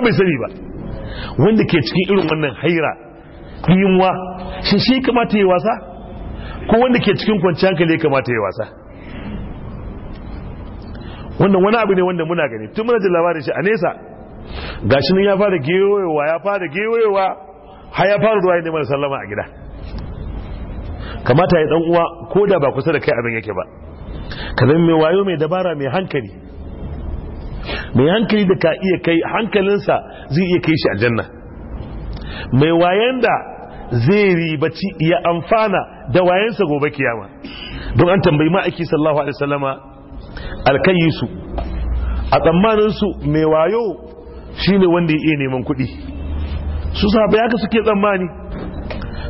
ba bai sani ba wanda ke cikin irin wannan haira yunwa shi shi kamata ya wasa ko wanda ke cikin kwanciyar hankali kamata ya wasa wannan wani abu ne wanda muna gani tun muna jin labarin shi a nesa ga shi nan ya fara gewayewa ya fara gewayewa har ya fara ruwa ne mara sallama a gida kamata ya dan uwa ko da ba kusa da kai abin yake ba ka mai wayo mai dabara mai hankali mai hankali da ka iya kai hankalinsa zai iya kai shi a janna. mai wayan da zai ribaci ya amfana da wayansa gobe kiyama don an tambayi ma'aiki sallallahu alaihi wasallama su a tsammaninsu mai wayo shine wanda ya iya neman kuɗi su ya ka suke tsammani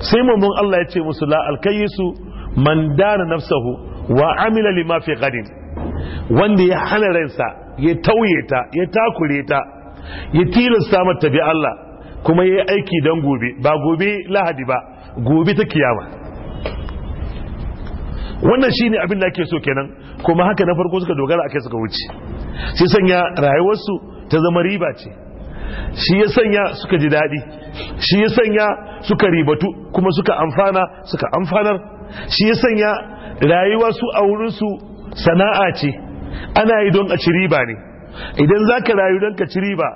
sai mamman Allah ya ce musu la su man dana nafsahu wa amila lima fi gadin wanda ya hana ransa ya tauye ta ya takure ta ya tilasta mata bi Allah kuma ya aiki dan gobe ba gobe lahadi ba gobe ta kiyama wannan shine abin da ake so kenan kuma haka na farko suka dogara akai suka wuce sai sanya rayuwarsu ta zama riba ce shi ya sanya suka ji daɗi shi ya sanya suka ribatu kuma suka amfana suka amfanar shi ya sanya rayuwa su a wurinsu sana'a ce ana yi don a ci riba ne idan za ka rayu don ka ci riba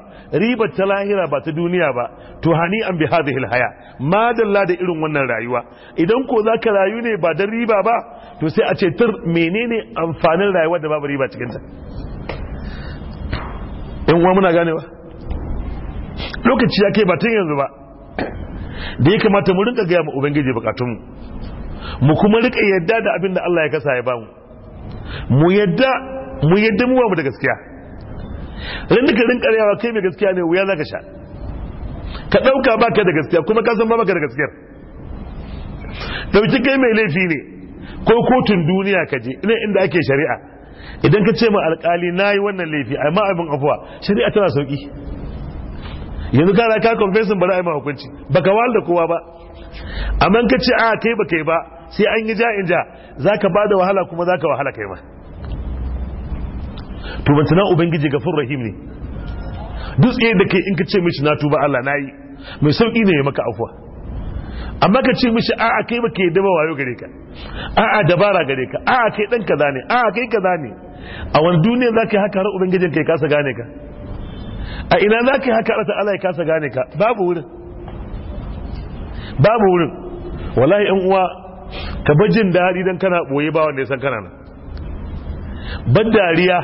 ribar ta lahira ba ta duniya ba to hani an bi hadhihi alhaya ma da irin wannan rayuwa idan ko za ka rayu ne ba don riba ba to sai a ce tur menene amfanin rayuwa da babu riba cikin ta uwa muna ganewa lokaci ya ke ba tun yanzu ba da ya kamata mu rinka gaya ma ubangiji bukatunmu mu kuma rika yadda da abin da Allah ya kasa ya bamu mu yadda mu yadda mu mu da gaskiya rin duka rin rayawa kai mai gaskiya ne wuya za ka sha ka dauka baka da gaskiya kuma ka san ba baka da gaskiyar dauki kai mai laifi ne ko kotun duniya ka je ina inda ake shari'a idan ka ce ma alkali yi wannan laifi amma abin afuwa shari'a tana sauki yanzu ka ra ka confession ba za a yi ba ka baka da kowa ba amma ka ce a kai ba kai ba sai an yi ja in ja zaka bada wahala kuma za ka wahala kai ma to ban tana ubangiji gafur rahim ne dutse da kai in ka ce mishi na tuba Allah na yi mai sauƙi ne ya maka afuwa amma ka ce mishi a'a kai ba ke dama wayo gare ka a'a dabara gare ka a'a kai dan kaza ne a'a kai kaza ne a wani duniya za ka haka har ubangijin kai kasa gane ka a ina za ka haka rata Allah ya kasa gane ka babu wurin babu wurin wallahi yan uwa ka bajin jin daɗi dan kana boye ba wanda ya san kana nan ban dariya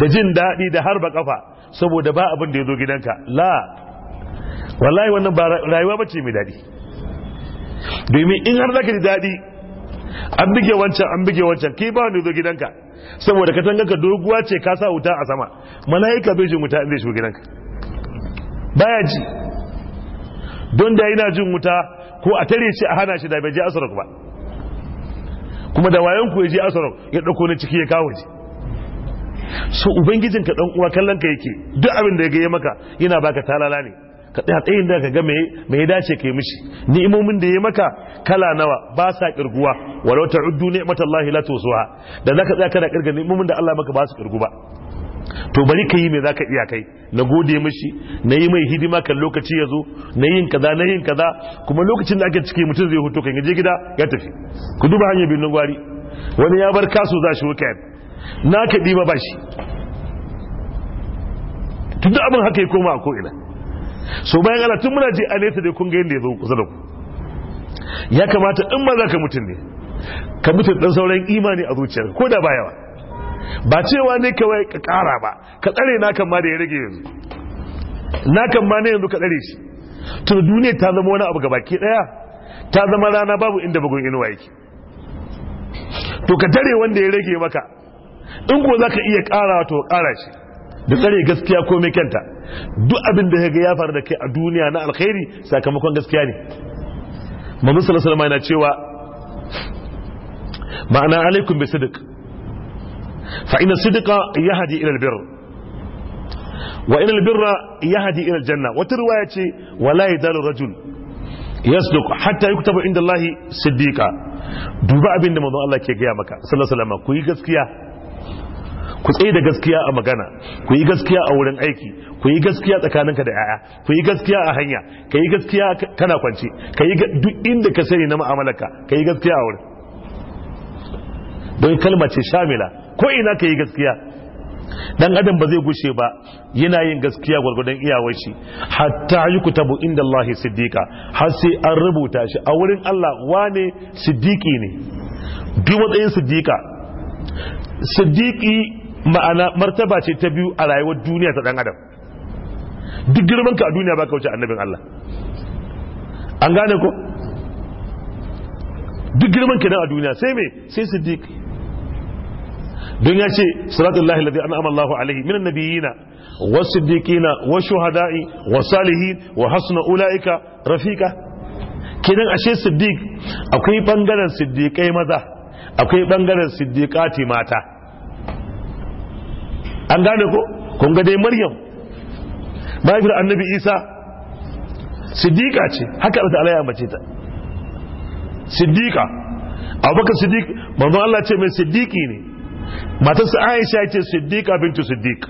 da jin daɗi da harba kafa saboda ba abin da ya zo gidanka la wallahi wannan ba rayuwa ba ce mai daɗi domin in har zaka ji daɗi an bige wancan an bige wancan ke ba wanda ya zo gidanka saboda ka katanganka doguwa ce ka sa wuta a sama mala'ika bai jin wuta in zai shigo gidanka baya ji don da yana jin wuta ko a tare shi a hana shi da bai je ku ba kuma da wayan ku ya je ya dauko na ciki ya kawo ji so ubangijin ka dan uwa kallon ka yake duk abin da ya ga maka yana baka talala ne ka tsaya tsayin da ka ga me me ya dace kai mishi ni'imomin da ya maka kala nawa ba sa kirguwa walau ta'uddu ni'matallahi la tusuha da zaka tsaya kana kirga ni'imomin da Allah maka ba su kirgu ba to bari ka yi me za ka iya kai na gode mashi na yi mai hidima kan lokaci ya zo na yin kaza na yin kaza kuma lokacin da ake ciki mutum zai hutu kan je gida ya tafi ku duba hanyar birnin gwari wani ya bar kaso za shi yadda na ka ɗiba ba shi tun da abin haka ya koma a ko'ina so bayan ala tun muna je a nesa da kun yadda ya zo kusa da ku ya kamata in ma za ka mutum ne ka mutum ɗan sauran imani a zuciyar ko da ba yawa ba cewa ne kawai ka kara ba ka tsare na kan ma da ya rage yanzu na kan ma ne yanzu ka tsare shi to duniya ta zama wani abu gabaki daya ta zama rana babu inda bugun inuwa yake to ka tare wanda ya rage maka in ko zaka iya kara to kara shi da tsare gaskiya ko mai kanta duk abin da ya ga ya faru da kai a duniya na alkhairi sakamakon gaskiya ne mamun sallallahu alaihi wasallam yana cewa ma'ana alaikum bai فإن الصدق يهدي إلى البر وإن البر يهدي إلى الجنة وترواية ولا يدال الرجل يصدق حتى يكتب عند الله صديقا دوبا abin da manzon Allah ke gaya maka sallallahu alaihi wasallam ku yi gaskiya ku tsaye da gaskiya a magana ku yi gaskiya a wurin aiki ku yi gaskiya tsakaninka da yaya ku yi gaskiya a hanya ka yi gaskiya kana kwance ka yi duk inda ka sani na mu'amalarka ka yi gaskiya a wurin don kalma ce shamila ko ina ka yi gaskiya dan adam ba zai gushe ba yana yin gaskiya gwargwadon iyawar shi hatta yi kutabu inda Allah siddiqa har sai an rubuta shi a wurin Allah wane siddiqi ne duk matsayin siddiqa siddiqi ma'ana martaba ce ta biyu a rayuwar duniya ta dan adam duk girman ka a duniya baka wuce annabin Allah an gane ko duk girman ka a duniya sai me sai siddiqi don ya ce ladi an amma Allahu alaihi minan nabiyina wa siddiqina wa shuhadai wa salihin wa hasna ulaika rafiqa kidan ashe siddiq akwai bangaren siddiqai maza akwai bangaren siddiqati mata an gane ko kun ga dai maryam mahaifiyar annabi isa siddiqa ce haka da alaiya mace ta siddiqa abubakar siddiq manzon Allah ce mai siddiqi ne matarsa aisha ce siddiqa bintu siddiq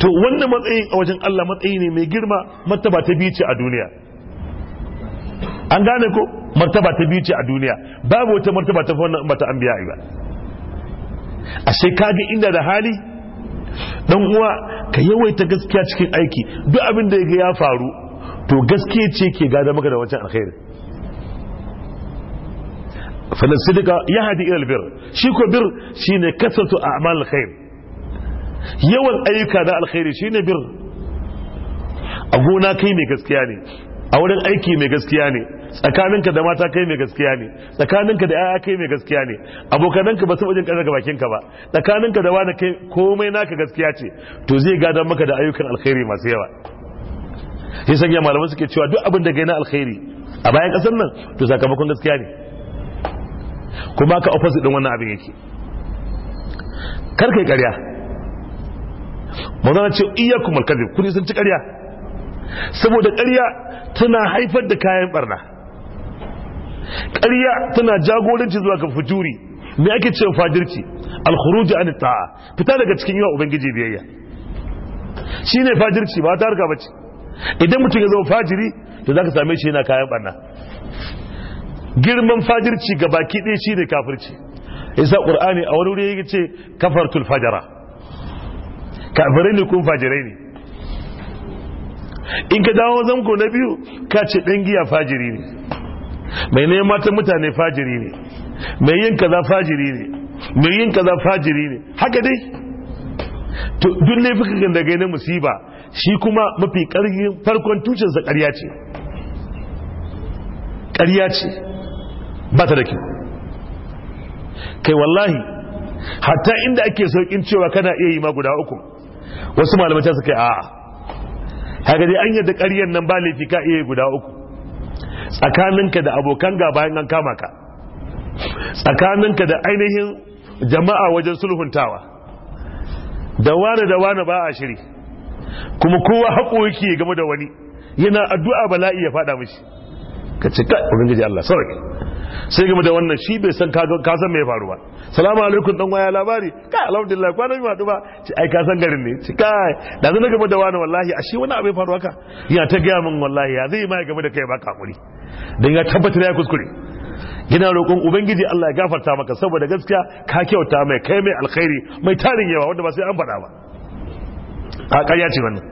to wannan matsayin a wajen Allah matsayi ne mai girma martaba ta a duniya an gane ko martaba ta ce a duniya babu wata martaba ta wannan ba ta anbiya ba ashe ga inda da hali dan uwa ka yawaita gaskiya cikin aiki duk abin da ya faru to gaskiya ce ke gada maka da wancan alkhairi sannan ya hadi ila bir shi ko bir shine kasatu a'mal alkhair yawan ayyuka na alkhairi shine bir a gona kai mai gaskiya ne a wurin aiki mai gaskiya ne tsakaninka da mata kai mai gaskiya ne tsakaninka da yaya kai mai gaskiya ne abokananka ba su wajen bakin bakinka ba tsakaninka da wani kai komai naka gaskiya ce to zai gada maka da ayyukan alkhairi masu yawa sai sanya malaman suke cewa duk abin da gaina alkhairi a bayan ƙasar nan to sakamakon gaskiya ne kuma ka opposite din wannan abin yake kar kai ƙarya mazana ce iyakum ku kun sun ci ƙarya saboda ƙarya tana haifar da kayan barna ƙarya tana jagoranci zuwa ga fujuri me ake cewa fadirci alkhuruj an ta'a fita daga cikin yawa ubangiji biyayya shine fadirci ba ta harka bace idan mutum ya zama fajiri to zaka same shi yana kayan barna girman fajirci ga baki ɗaya shi ne kafirci isa ƙur'ani a wani wuri ya ce kafartul fajara kafirai ne kun fajirai ne in ka dawo zanko na biyu ka ce ɗan giya fajiri ne mai nema ta mutane fajiri ne mai yin kaza fajiri ne mai yin kaza fajiri ne haka dai to duk laifukan da na musiba shi kuma mafi ƙarfi farkon tushensa ƙarya ce ƙarya ce ba ta da kyau kai wallahi hatta inda ake saukin cewa kana iya yi ma guda uku wasu malamai ta suka a'a haka dai an yadda ƙaryan nan ba laifi ka iya guda uku tsakaninka da abokan gaba bayan an kama ka tsakaninka da ainihin jama'a wajen sulhuntawa da wani da wani ba a shiri kuma kowa haƙo yake game da wani yana addu'a bala'i ya faɗa mashi. ka ce kai ubangiji Allah sarki sai game da wannan shi bai san ka san me ya faru ba salamu alaikum dan waya labari kai alhamdulillah kwanan ma ba ce ai ka san garin ne ce kai da zan game da wani wallahi a shi wani abu ya faru haka ya ta gaya min wallahi ya zai ma game da kai ba kuri dan ya tabbatar ya kuskure gina roƙon ubangiji Allah ya gafarta maka saboda gaskiya ka kyauta mai kai mai alkhairi mai tarin yawa wanda ba sai an faɗa ba a ƙarya ce wannan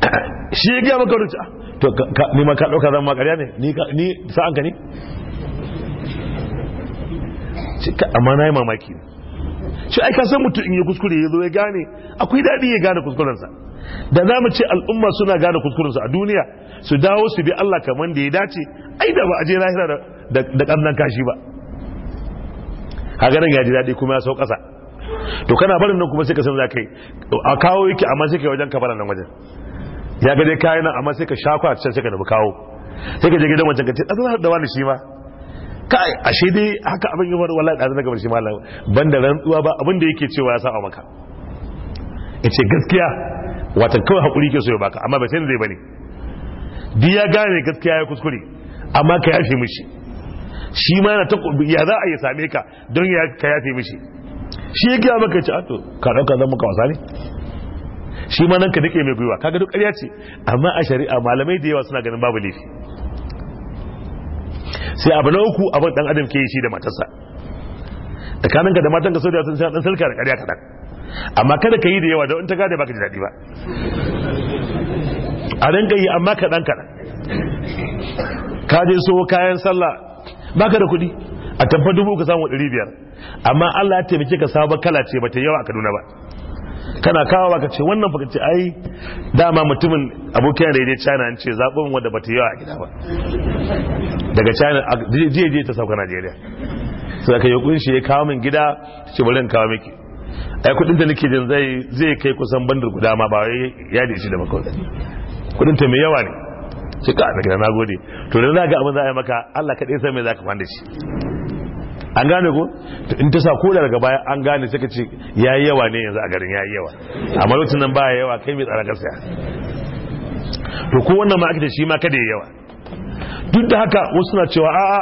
shi ya gaya maka rubuta to ni ma ka dauka zan ma ƙarya ne ni sa'an ka ne amma na yi mamaki shi ai ka san mutum in ya kuskure ya zo ya gane akwai daɗi ya gane kuskurensa da za mu ce al'umma suna gane kuskurensa a duniya su dawo su bi Allah kamar da ya dace ai da ba a je lahira da ƙarnan kashi ba hagarin ya ji daɗi kuma ya sau ƙasa to kana barin nan kuma sai ka san za ka a kawo yake amma sai ka yi wajen barin nan wajen ya ga dai kayan nan amma sai ka sha kwa can sai ka nabi kawo sai ka je gidan wancan ka ce ɗan da wani shi ma kai ashe dai haka abin yi wani wallahi ɗan daga shi malam ban da rantsuwa ba abin da yake cewa ya saba maka ya ce gaskiya watan kawai haƙuri ke so ya baka amma bai sai zai bane duk ya gane gaskiya ya kuskure amma ka yafe mishi shi ma na ta ya za a yi same ka don ya ka yafe mishi shi ya gaya maka ce ato to ka ɗauka zan maka wasa ne shi ma nan ka nake mai gwiwa kaga duk ƙarya ce amma a shari'a malamai da yawa suna ganin babu laifi sai abu na uku abin dan adam ke yi shi da matarsa ka da matan ka da sun dan sulka da ƙarya kaɗan amma kada ka yi da yawa da in ta gada baka ji daɗi ba a rinka yi amma kaɗan kaɗan ka je so kayan sallah baka da kuɗi a tabbar dubu ka samu ɗari biyar amma Allah ya taimake ka sabon kala ce bata yawa a Kaduna ba kana kawo ka ce wannan fakace ai dama mutumin abokin da ya China an ce zaɓin wanda bata yawa a gida ba daga China jiye jiye ta sauka Najeriya sai aka yi kunshi ya kawo min gida ce bari in kawo miki ai kudin da nake jin zai zai kai kusan bandar guda ma ba wai ya dace da maka kudin ta mai yawa ne sai ka na gode to da za ga abin za a yi maka Allah ka san mai za ka fanda shi an gane ko in ta sa kola daga baya an gane sai ka ce ya yi yawa ne yanzu a garin ya yi yawa amma lokacin nan ba yawa kai mai tsara kasa to ko wannan ma ake da shi ma kada ya yawa duk da haka wasu na cewa a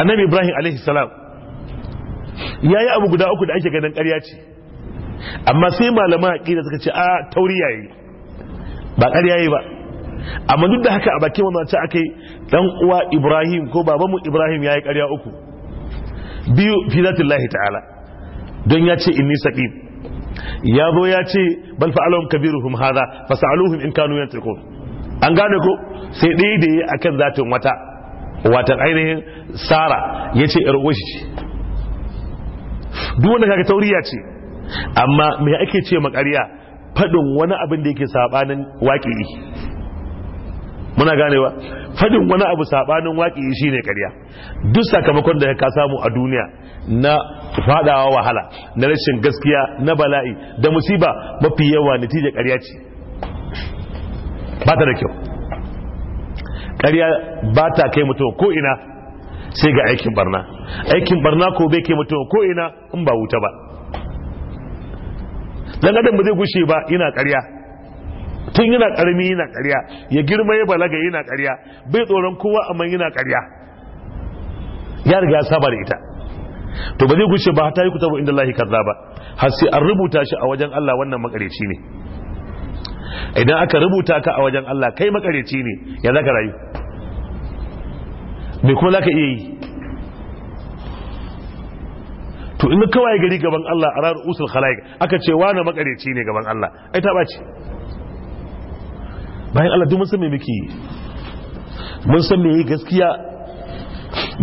annabi ibrahim alaihi salam ya yi abu guda uku da ake ganin karya ce amma sai malama da suka ce a tauri yayi ba ƙarya ba amma duk da haka a bakin wannan ce akai ɗan uwa ibrahim ko babanmu ibrahim ya yi ƙarya uku biyu fi Allah ta'ala don ya ce inni saqim ya zo ya ce bal fa'alahum kabiruhum hadha fas'aluhum in kanu yantiqun an gane ko sai ɗaya da yi akan zatin wata wata ainihin sara ya ce irwashi ce duk wanda kaga tauriya ce amma me ake ce makariya faɗin wani abin da yake sabanin waƙi muna ganewa fadin wani abu sabanin waki ne ƙarya duk sakamakon da ka samu a duniya na fadawa wahala na rashin gaskiya na bala'i da musiba mafi yawa natijar ƙarya ce ba ta da kyau ƙarya ba ta kai mutum ko ina sai ga aikin barna aikin barna ko bai kai mutum ko ina in ba wuta ba dan adam ba zai gushe ba ina ƙarya tun yana karami yana karya ya girma ya balaga yana karya bai tsoron kowa amma yana karya ya riga saba da ita to ba zai kushe ba ta yi kutabu inda lahi kaza ba har sai an rubuta shi a wajen Allah wannan makareci ne idan aka rubuta ka a wajen Allah kai makareci ne ya zaka rayu me kuma zaka iya yi to in kawai gari gaban Allah a ranar usul khalaik aka ce wani makareci ne gaban Allah ai ta bace bayan Allah duk mun san me muke mun san me gaskiya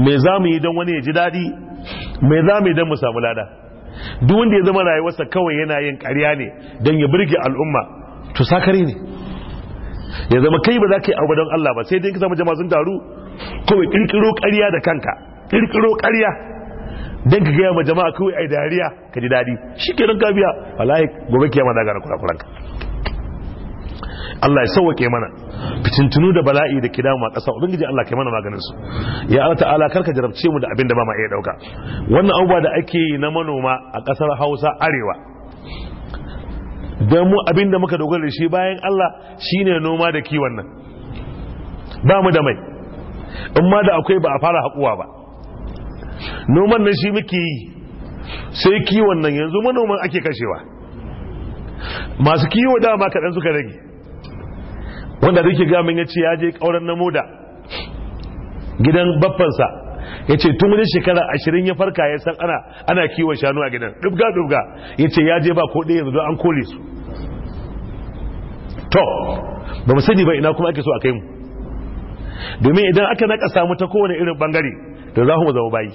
me za mu yi don wani ya ji daɗi me za mu yi don mu samu lada duk wanda ya zama rayuwarsa kawai yana yin ƙarya ne don ya burge al'umma to sakare ne ya zama kai ba za ka yi abu don Allah ba sai dai ka samu jama'a sun taru kawai kirkiro ƙarya da kanka kirkiro ƙarya don ka gaya ma jama'a kawai ai dariya ka ji daɗi shi kenan ka biya wallahi gobe kiyama za ka Allah ya sauwake mana fitintunu da bala'i da a ƙasa ubangiji Allah kai mana maganin su ya Allah ta'ala karka jarabce mu da abin da ba ma iya dauka wannan abubuwa da ake yi na manoma a ƙasar Hausa arewa dan mu abin da muka dogara shi bayan Allah shine noma da kiwon nan ba mu da mai in ma da akwai ba a fara hakuwa ba noman nan shi muke yi sai kiwon nan yanzu manoman ake kashewa masu kiwo dama kaɗan suka rage wanda da ke gamin ya ce ya je ƙauren na moda gidan baffansa ya ce tun wani shekara ashirin ya farka ya san ana ana kiwo shanu a gidan dubga dubga ya ce ya je ba ko ɗaya yanzu an kole su to ba mu sani ba ina kuma ake so a kai mu domin idan aka naka samu ta kowane irin bangare to za mu zama bayi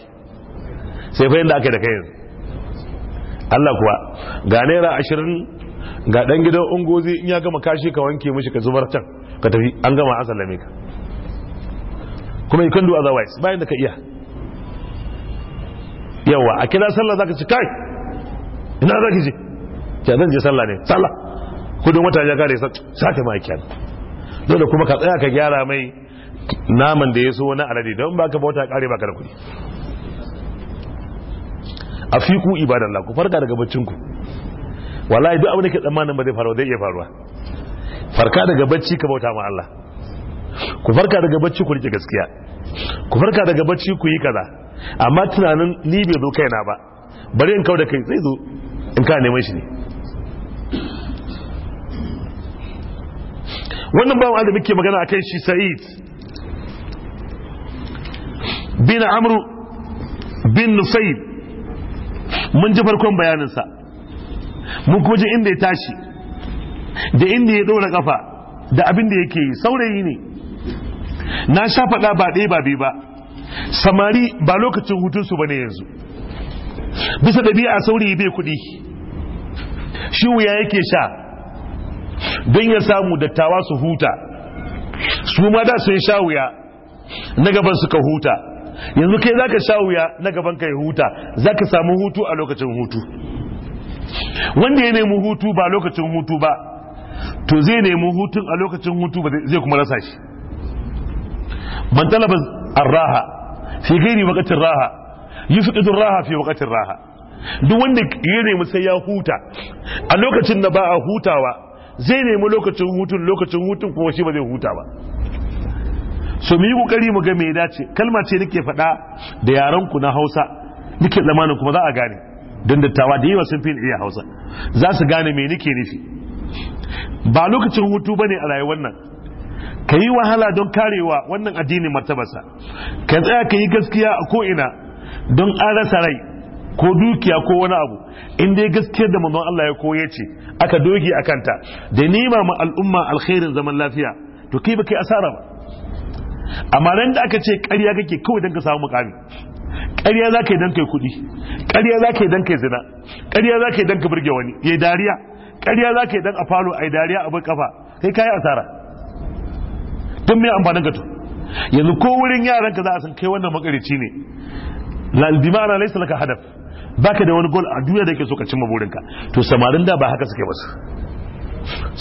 sai fa yadda aka da kai yanzu Allah kuwa ga naira ashirin ga dan gidan ungozi in ya gama kashi ka wanke mishi ka zubar can ka tafi an gama an sallame ka kuma you can do otherwise bayan da ka iya yawa a kira sallah zaka ci kai ina zaki ji? Ya zan je sallah ne sallah kudin wata ya kare sake ma kyan dole kuma ka tsaya ka gyara mai naman da ya so wani alade don baka bauta kare baka da kudi a fi ku ibadan ku farka daga baccin ku wallahi duk abin da ke tsammanin ba zai faru zai iya faruwa farka daga bacci ka bauta ma Allah ku farka daga bacci ku rike gaskiya ku farka daga bacci ku yi kaza amma tunanin ni bai zo kaina ba bari in da kai zai zo in ka neman shi ne wannan bawan da muke magana akan shi sa'id bin amru bin nusayb mun ji farkon bayanin sa. mu wajen inda ya tashi da inda ya ɗaura kafa da abin da yake yi saurayi ne na sha faɗa ba ɗaya ba biyu ba samari ba lokacin hutunsu ba ne yanzu bisa ɗabi'a saurayi bai kuɗi shi wuya yake sha don ya samu dattawa su huta su ma da sun sha wuya na gaban suka huta yanzu kai zaka sha wuya na gaban ka ya huta zaka samu hutu a lokacin hutu wanda ya nemi hutu ba lokacin hutu ba to zai nemi hutun a lokacin hutu ba zai kuma rasa shi man talaba arraha fi gairi wakacin raha yufqidu raha fi wakacin raha duk wanda ya nemi sai ya huta a lokacin da ba a hutawa zai nemi lokacin hutun lokacin hutun kuma shi ba zai huta ba so mu yi kokari mu ga me dace kalma ce nake faɗa da yaran ku na Hausa nake zamanin kuma za a gane don dattawa da yawa sun fi iya hausa za su gane me nake nufi ba lokacin hutu bane a rayuwar nan ka yi wahala don karewa wannan addini martabarsa ka tsaya ka yi gaskiya a ko'ina don arasa rai ko dukiya ko wani abu in dai gaskiyar da manzon Allah ya koye ce aka doge a kanta da nema ma al'umma alkhairin zaman lafiya to kai ba kai asara ba amma nan da aka ce ƙarya kake kawai don ka samu mukami ƙarya za ka yi don kai kuɗi ƙarya za ka yi don kai zina ƙarya za ka yi don ka burge wani ya dariya ƙarya za ka yi don a falo a yi dariya a bar kafa kai ka yi asara don mai amfanin ka to yanzu ko wurin yaran ka za a san kai wannan makarici ne lalbimana laisa laka hadaf ka da wani gol a duniya da ke so ka cimma ka. to samarin da ba haka suke ba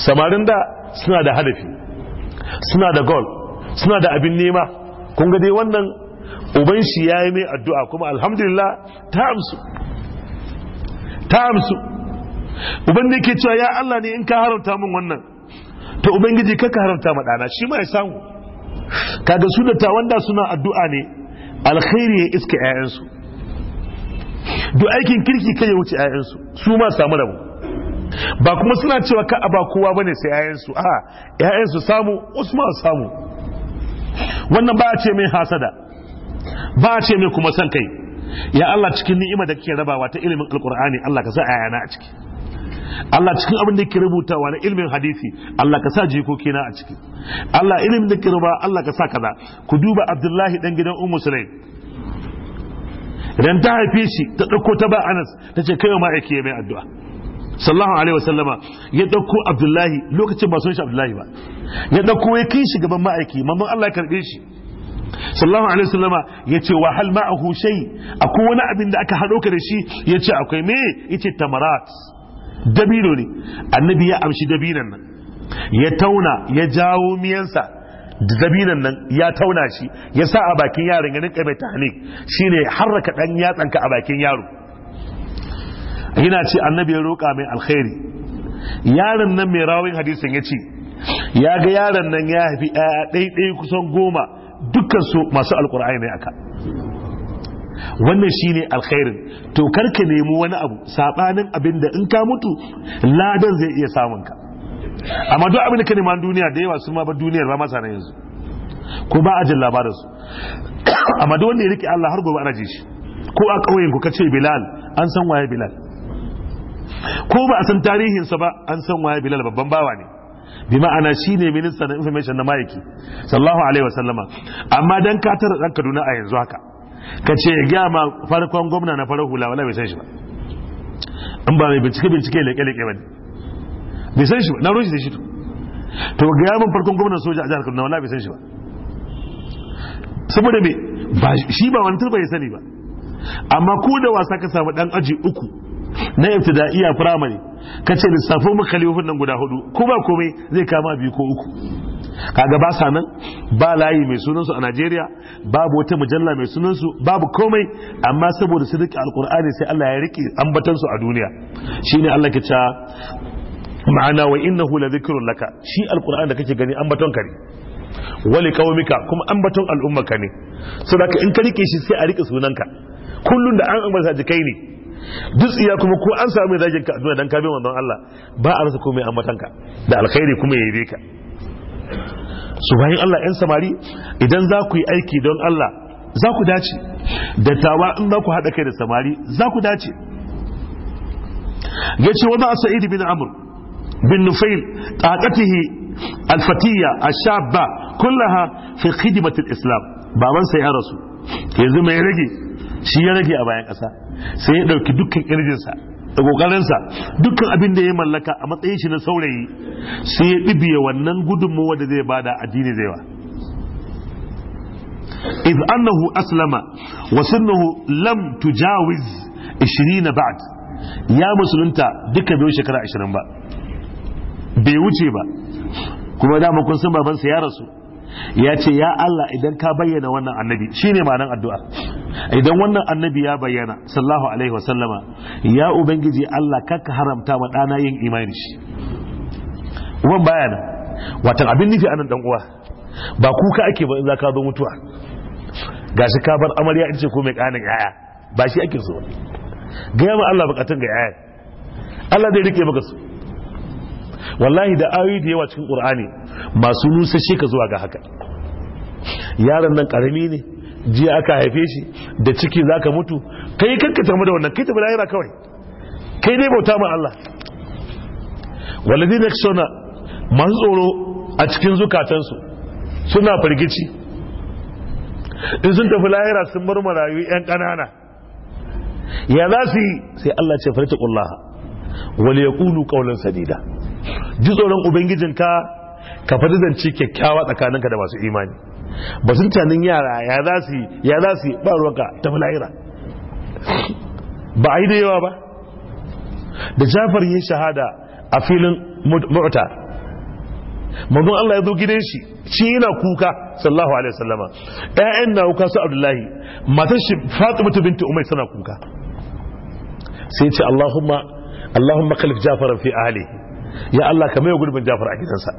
samarin da suna da hadafi suna da gol suna da abin nema kun ga dai wannan uban shi ya yi mai addu'a kuma alhamdulillah ta amsu ta amsu uban da yake cewa ya Allah ne in ka haramta min wannan ta ubangiji ka ka haramta maɗana dana shi ma ya samu kaga su da tawanda suna addu'a ne alkhairi ya iska 'ya'yansu duk aikin kirki kai ya wuce 'ya'yansu su ma samu rabu ba kuma suna cewa ka ba kowa bane sai 'ya'yansu a 'ya'yansu samu usman samu wannan ba a ce mai hasada ba ce mai kuma son kai ya Allah cikin ni'ima da kake rabawa ta ilimin alqur'ani Allah ka sa ayana a ciki Allah cikin abin da ke rubutawa na ilimin hadisi Allah ka sa jikoki na a ciki Allah ilimin da ke rubawa Allah ka sa kaza ku duba Abdullahi dan gidan Ummu Sulaim idan ta haife shi ta dauko ta ba Anas ta ce kai ma aiki mai addu'a sallallahu alaihi wasallama ya dauko Abdullahi lokacin ba sun shi Abdullahi ba ya dauko ya kai shi gaban ma'aiki mamman Allah ya karbe shi sallallahu alaihi wasallama yace wa hal ma'ahu shay akwai wani abin da aka hado ka da shi yace akwai me yace tamarat dabino ne annabi ya amshi dabinan nan ya tauna ya jawo miyansa dabinan nan ya tauna shi ya sa a bakin yaron ganin kai mai tahnik shine harraka dan yatsanka a bakin yaro yana ce annabi ya roƙa mai alkhairi yaron nan mai rawin hadisin ya ce ya ga yaron nan ya haifi ɗaya ɗaya kusan goma dukkan su masu alkur'ani ne aka wannan shine alkhairin to karka nemi wani abu sabanin abinda in ka mutu ladan zai iya samun ka amma duk abin da ka neman duniya da yawa sun ma ba duniyar ba masa yanzu ko ba a jin labarin su amma duk wanda ya rike Allah har gobe ana ji shi ko a ƙauyen ku kace Bilal an san waye Bilal ko ba a san tarihinsa ba an san waye Bilal babban bawa ne bi ma'ana shine minister na information na mayaki sallallahu alaihi wasallama amma dan ka tara dan Kaduna a yanzu haka ka ce ga ma farkon gwamna na farar hula wala bai san shi ba in ba mai bincike bincike leke leke ba bai san shi ba na roji da shi to ga mun farkon gwamna soja a jihar Kaduna wala bai san shi ba saboda me shi ba wani turba ya sani ba amma ku da wasa ka samu dan aji uku na ibtida'iya firamare kace ce lissafo mu kalifin nan guda hudu ko ba komai zai kama biyu ko uku kaga ba sa nan ba layi mai sunansu a Najeriya babu wata mujalla mai sunansu babu komai amma saboda su rike alkur'ani sai Allah ya rike ambatansu a duniya shine Allah ke ta ma'ana wa innahu la dhikrun laka shi alkur'ani da kake gani ambaton ka ne wali qaumika kuma ambaton al'ummaka ne saboda in ka rike shi sai a rike sunan ka kullun da an ambata jikai ne duk tsiya kuma ko an samu mai zagin ka a dan ka Allah ba a rasa komai a matanka da alkhairi kuma ya yi ka su bayan Allah yan samari idan za ku yi aiki don Allah za ku dace dattawa in za ku haɗa kai da samari za ku dace ya ce wani sa'id bin amur bin nufail taqatihi alfatiya ashabba kullaha fi khidmatil islam babansa ya rasu yanzu mai rage shi ya rage a bayan ƙasa sai ya ɗauki dukkan ƙirjinsa da ƙoƙarinsa dukkan abin da ya mallaka a matsayin shi na saurayi sai ya ɗibiya wannan gudunmawa da zai bada addini zai wa إذ أنه أسلم وسنه لم تجاوز عشرين بعد يا مسلمتا دكا بيو شكرا عشرين wuce ba با كما دام sun babansa ya rasu. ya ce ya Allah idan ka bayyana wannan annabi shine ma'anar addu'a idan wannan annabi ya bayyana sallahu alaihi wasallama ya ubangiji Allah kakka haramta wa ɗana yin imani shi uban bayana watan abin nufi anan dan uwa ba kuka ake ba in za ka zo mutuwa shi ka bar amarya in ce ko mai ƙanin yaya ba shi ake so gaya ma Allah bukatun ga yaya Allah zai rike maka su wallahi da ayoyi da yawa cikin qur'ani masu nusashe ka zuwa ga haka yaron nan karami ne jiya aka haife shi da ciki zaka mutu kai kanka tamu da wannan kai tabi lahira kawai kai dai bauta ma Allah walladina yakshuna masu tsoro a cikin zukatansu suna firgici in sun tafi lahira sun bar marayu yan ƙanana ya za su yi sai Allah ce farta kullaha wal yaqulu qawlan sadida ji tsoron ubangijinka ka faɗi zance kyakkyawa tsakaninka da masu imani ba sun tunanin yara ya za su ya za su ba ruwanka ta ba a yi da yawa ba da jafar yin shahada a filin mu'ta mabin Allah ya zo gidan shi shi yana kuka Sallahu alaihi salama. ɗayan na kuka su Abdullahi matan shi mutu binti Umar suna kuka sai ce Allahumma Allahumma khalif Jafar fi ahalihi ya Allah ka mai gurbin Jafar a gidansa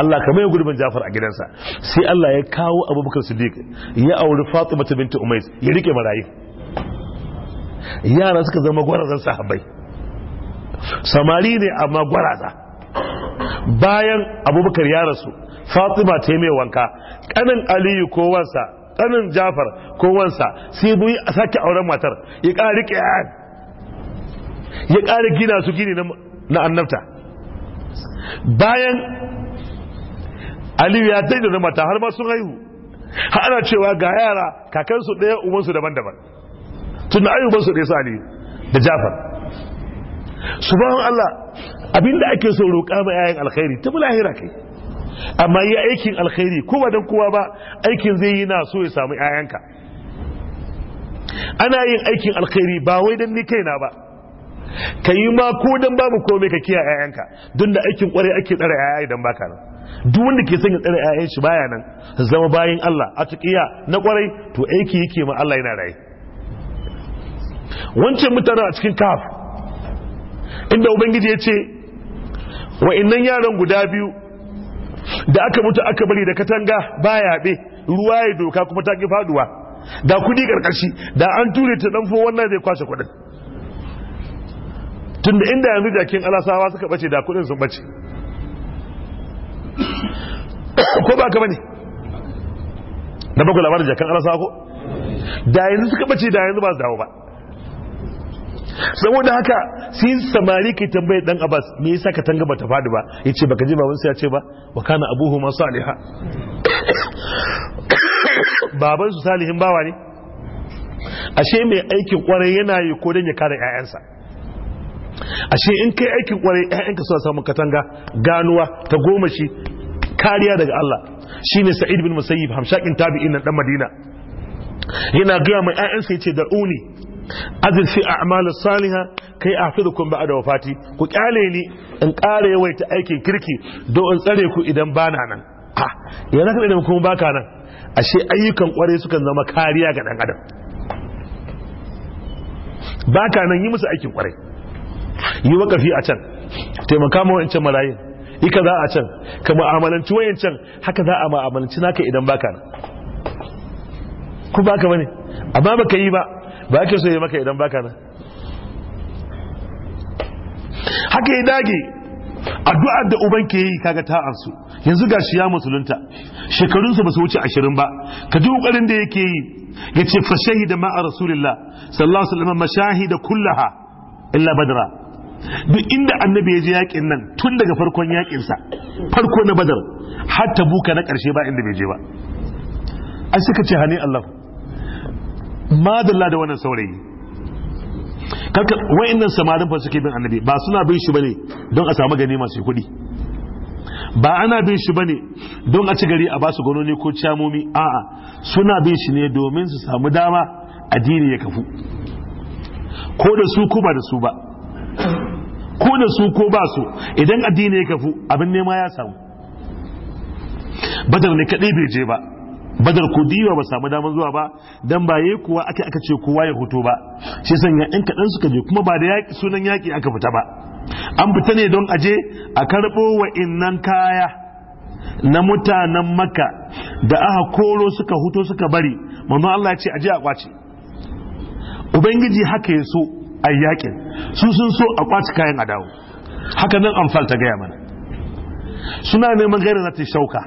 Allah ka mai gurbin Jafar a gidansa sai Allah ya kawo Abubakar Siddiq ya auri Fatima binti Umais ya rike marayu yara suka zama gwarazan sahabbai samari ne amma gwaraza bayan Abubakar ya rasu Fatima ta mai wanka kanin Aliyu ko wansa kanin Jafar ko wansa sai a sake auren matar ya ƙara rike ya ƙara gina su gini na na annabta bayan aliyu ya taida da mata har ma sun haihu har ana cewa ga yara kakansu ɗaya umarsu daban-daban tun da su ɗaya su aliyu da jafar subhanan allah abinda ake so roƙa ma yayin alkhairi ta lahira kai amma yi aikin alkhairi ko ba don kowa ba aikin zai yi na so ya samu 'ya'yanka ana yin aikin alkhairi ba wai don ni kaina ba ka yi ma ko dan babu komai ka kiyaye ƴaƴanka don da aikin kwarai ake tsare ƴaƴa idan baka nan duk wanda ke sanya ya tsare ƴaƴan shi baya nan zama bayan Allah a tukiya na kwarai to aiki yake ma Allah yana rai wancan mutanen a cikin kaf inda ubangiji ya ce wa'annan yaran guda biyu da aka mutu aka bari da katanga ba be ruwa ya doka kuma ta ki faduwa da kudi karkashi da an ture ta danfo wannan zai kwashe kudin da inda yanzu jakin alasawa suka bace da kudin sun bace ko ba ka bane na bako labarin jakan alasawa ko da yanzu suka bace da yanzu ba su dawo ba saboda haka sai samari ke tambaye dan abbas me yasa ka tanga bata fadi ba Ya yace baka ji sai ya ce ba wa kana abuhu ma saliha baban su salihin bawa ne ashe mai aikin kwarai yana yi ko dan ya kare 'ya'yansa ashe in kai aikin kwarai ƴaƴanka suna samun katanga ganuwa ta goma shi kariya daga Allah shine Sa'id bin Musayyib hamshakin tabi'in nan dan Madina yana gaya mai ƴaƴansa yace uni azil fi a'mal salihah kai afidukum ba'da wafati ku kyale ni in ƙara yawaita aikin kirki don in tsare ku idan bana nan ha ah, yana kada mu kuma baka nan ashe ayyukan kwarai sukan zama kariya ga dan adam baka nan yi musu aikin kwarai yi wakafi a can taimaka ma wancan marayin yi za a can ka wayan wayancan haka za a mu'amalanci naka idan baka na ku baka bane amma baka yi ba ba ake so yi maka idan baka na? haka yi dage addu'ar da uban ke yi kaga ta ansu yanzu shi ya musulunta shekarunsa ba su wuce ashirin ba ka ji kokarin da yake yi ya ce fa shahida ma'a rasulillah sallallahu alaihi wasallam mashahida kullaha illa badra duk inda annabi ya je yakin nan tun daga farkon yakinsa farko na badar har ta buka na karshe ba inda bai je ba ai suka ce hani Allah madalla da wannan saurayi karka wayannan samarin fa suke bin annabi ba suna bin shi bane don a samu gani masu kuɗi ba ana bin shi bane don a ci gari a basu gononi ko camomi? a'a suna bin shi ne domin su samu dama addini ya kafu ko da su kuma da su ba ko da su ko ba su idan addini ya kafu abin nema ya samu badar ne kaɗai bai je ba badar ku diwa ba samu damar zuwa ba dan ba yayi kuwa aka aka ce kowa ya hoto ba shi sanya in kaɗan suka je kuma ba da yaki sunan yaki aka fita ba an fita ne don aje a karɓo wa innan kaya na mutanen Makka da aka koro suka huto suka bari manzon Allah ya ce aje a kwace ubangiji haka ya so a yakin su sun so a kwaci kayan a dawo haka nan amfal ta gaya mana suna neman gaira na ta shauka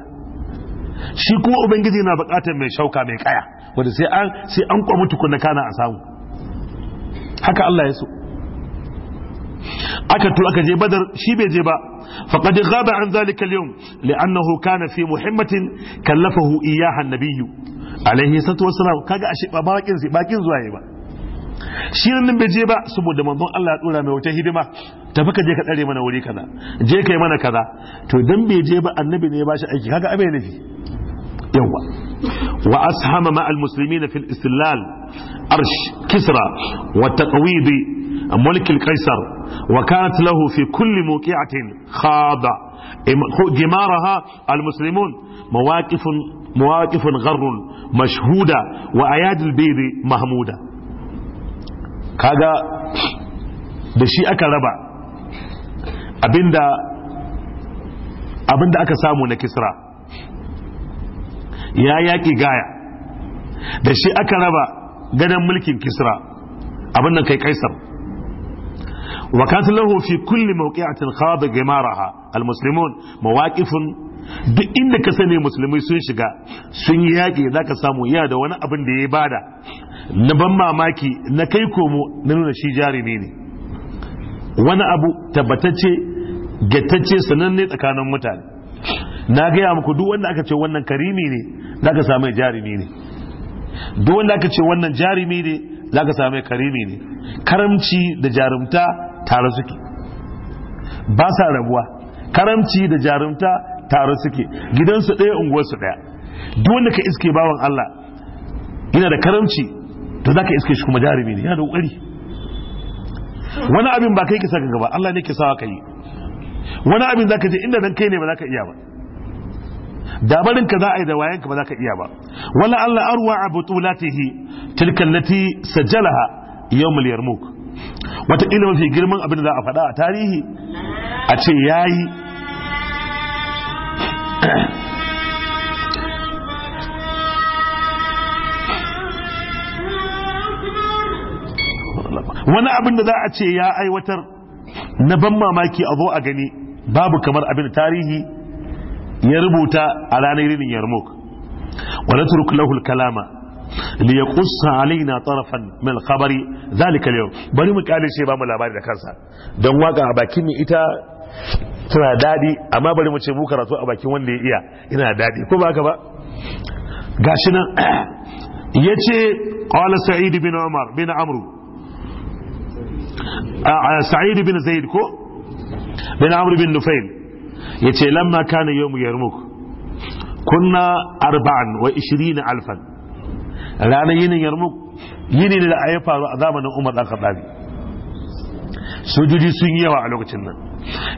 shi kuma ubangiji na bukatar mai shauka mai kaya wanda sai an sai an kwamu tukunna kana a samu haka Allah ya so aka to aka je badar shi bai je ba faqad ghaba an zalika al-yawm li'annahu kana fi muhimmatin kallafahu iyyaha an nabiyyu alayhi salatu wassalam kaga ashe ba bakin sai bakin zuwa ba shi nan bai je ba saboda manzon Allah ya dora mai wata hidima tafi ka je ka tsare mana wuri kaza je kai mana kaza to dan bai je ba annabi ne ya bashi aiki kaga abai nufi yawa wa ashama ma al muslimina fil istilal arsh kisra wa taqwid ملك القيصر وكانت له في كل موقعة خاضة جمارها المسلمون مواقف مواقف غر مشهودة وأياد البيض مهمودة kaga da shi aka raba abinda abinda aka samu na kisra ya yaƙi gaya da shi aka raba ganin mulkin kisra abin nan kai kaisar wa fi kulli mawqi'atin khada gimaraha almuslimun mawaqifun duk inda ka sani musulmai sun shiga sun yi yaƙi zaka samu ya da wani abin da ya bada na ban mamaki na kai komo na nuna shi jarumi ne wani abu tabbatacce gatacce sananne tsakanin mutane na gaya muku duk wanda aka ce wannan karimi ne za ka samu jarumi ne duk wanda aka ce wannan jarumi ne za ka samu karimi ne karamci da jarumta tare suke ba sa rabuwa karamci da jarumta tare suke gidansu ɗaya unguwarsu ɗaya duk wanda ka iske bawan Allah yana da karamci to zaka iske shi kuma jarumi ne yana da kokari wani abin ba kai ki saka gaba Allah ne ke sawa kai wani abin zaka je inda dan kai ne ba zaka iya ba dabarin ka za a yi da wayanka ba za ka iya ba wala Allah arwa a butulatihi tilka lati sajalaha yawmul yarmuk wata kila mafi girman abin da za a faɗa a tarihi a ce yayi wani abin da za a ce ya aiwatar na ban mamaki a zo a gani babu kamar abin tarihi ya rubuta a ranar rinin yarmouk wani turku lahul kalama li ya kusa alaina tarafan min kabari. zalika yau bari mu kare bamu ba mu labari da kansa don waka a bakin ita tana daɗi amma bari mu ce mu karatu a bakin wanda ya iya ina daɗi ko ba ka ba gashi nan ya ce ƙwala sa'id bin umar bin amru sa'id bin zaid ko bin amr bin nufail yace lamma kana yawm yarmuk kunna arba'an wa 20 alfan ranar yinin yarmuk yini ne da ya faru a zamanin umar dan khattabi sojoji sun yi yawa a lokacin nan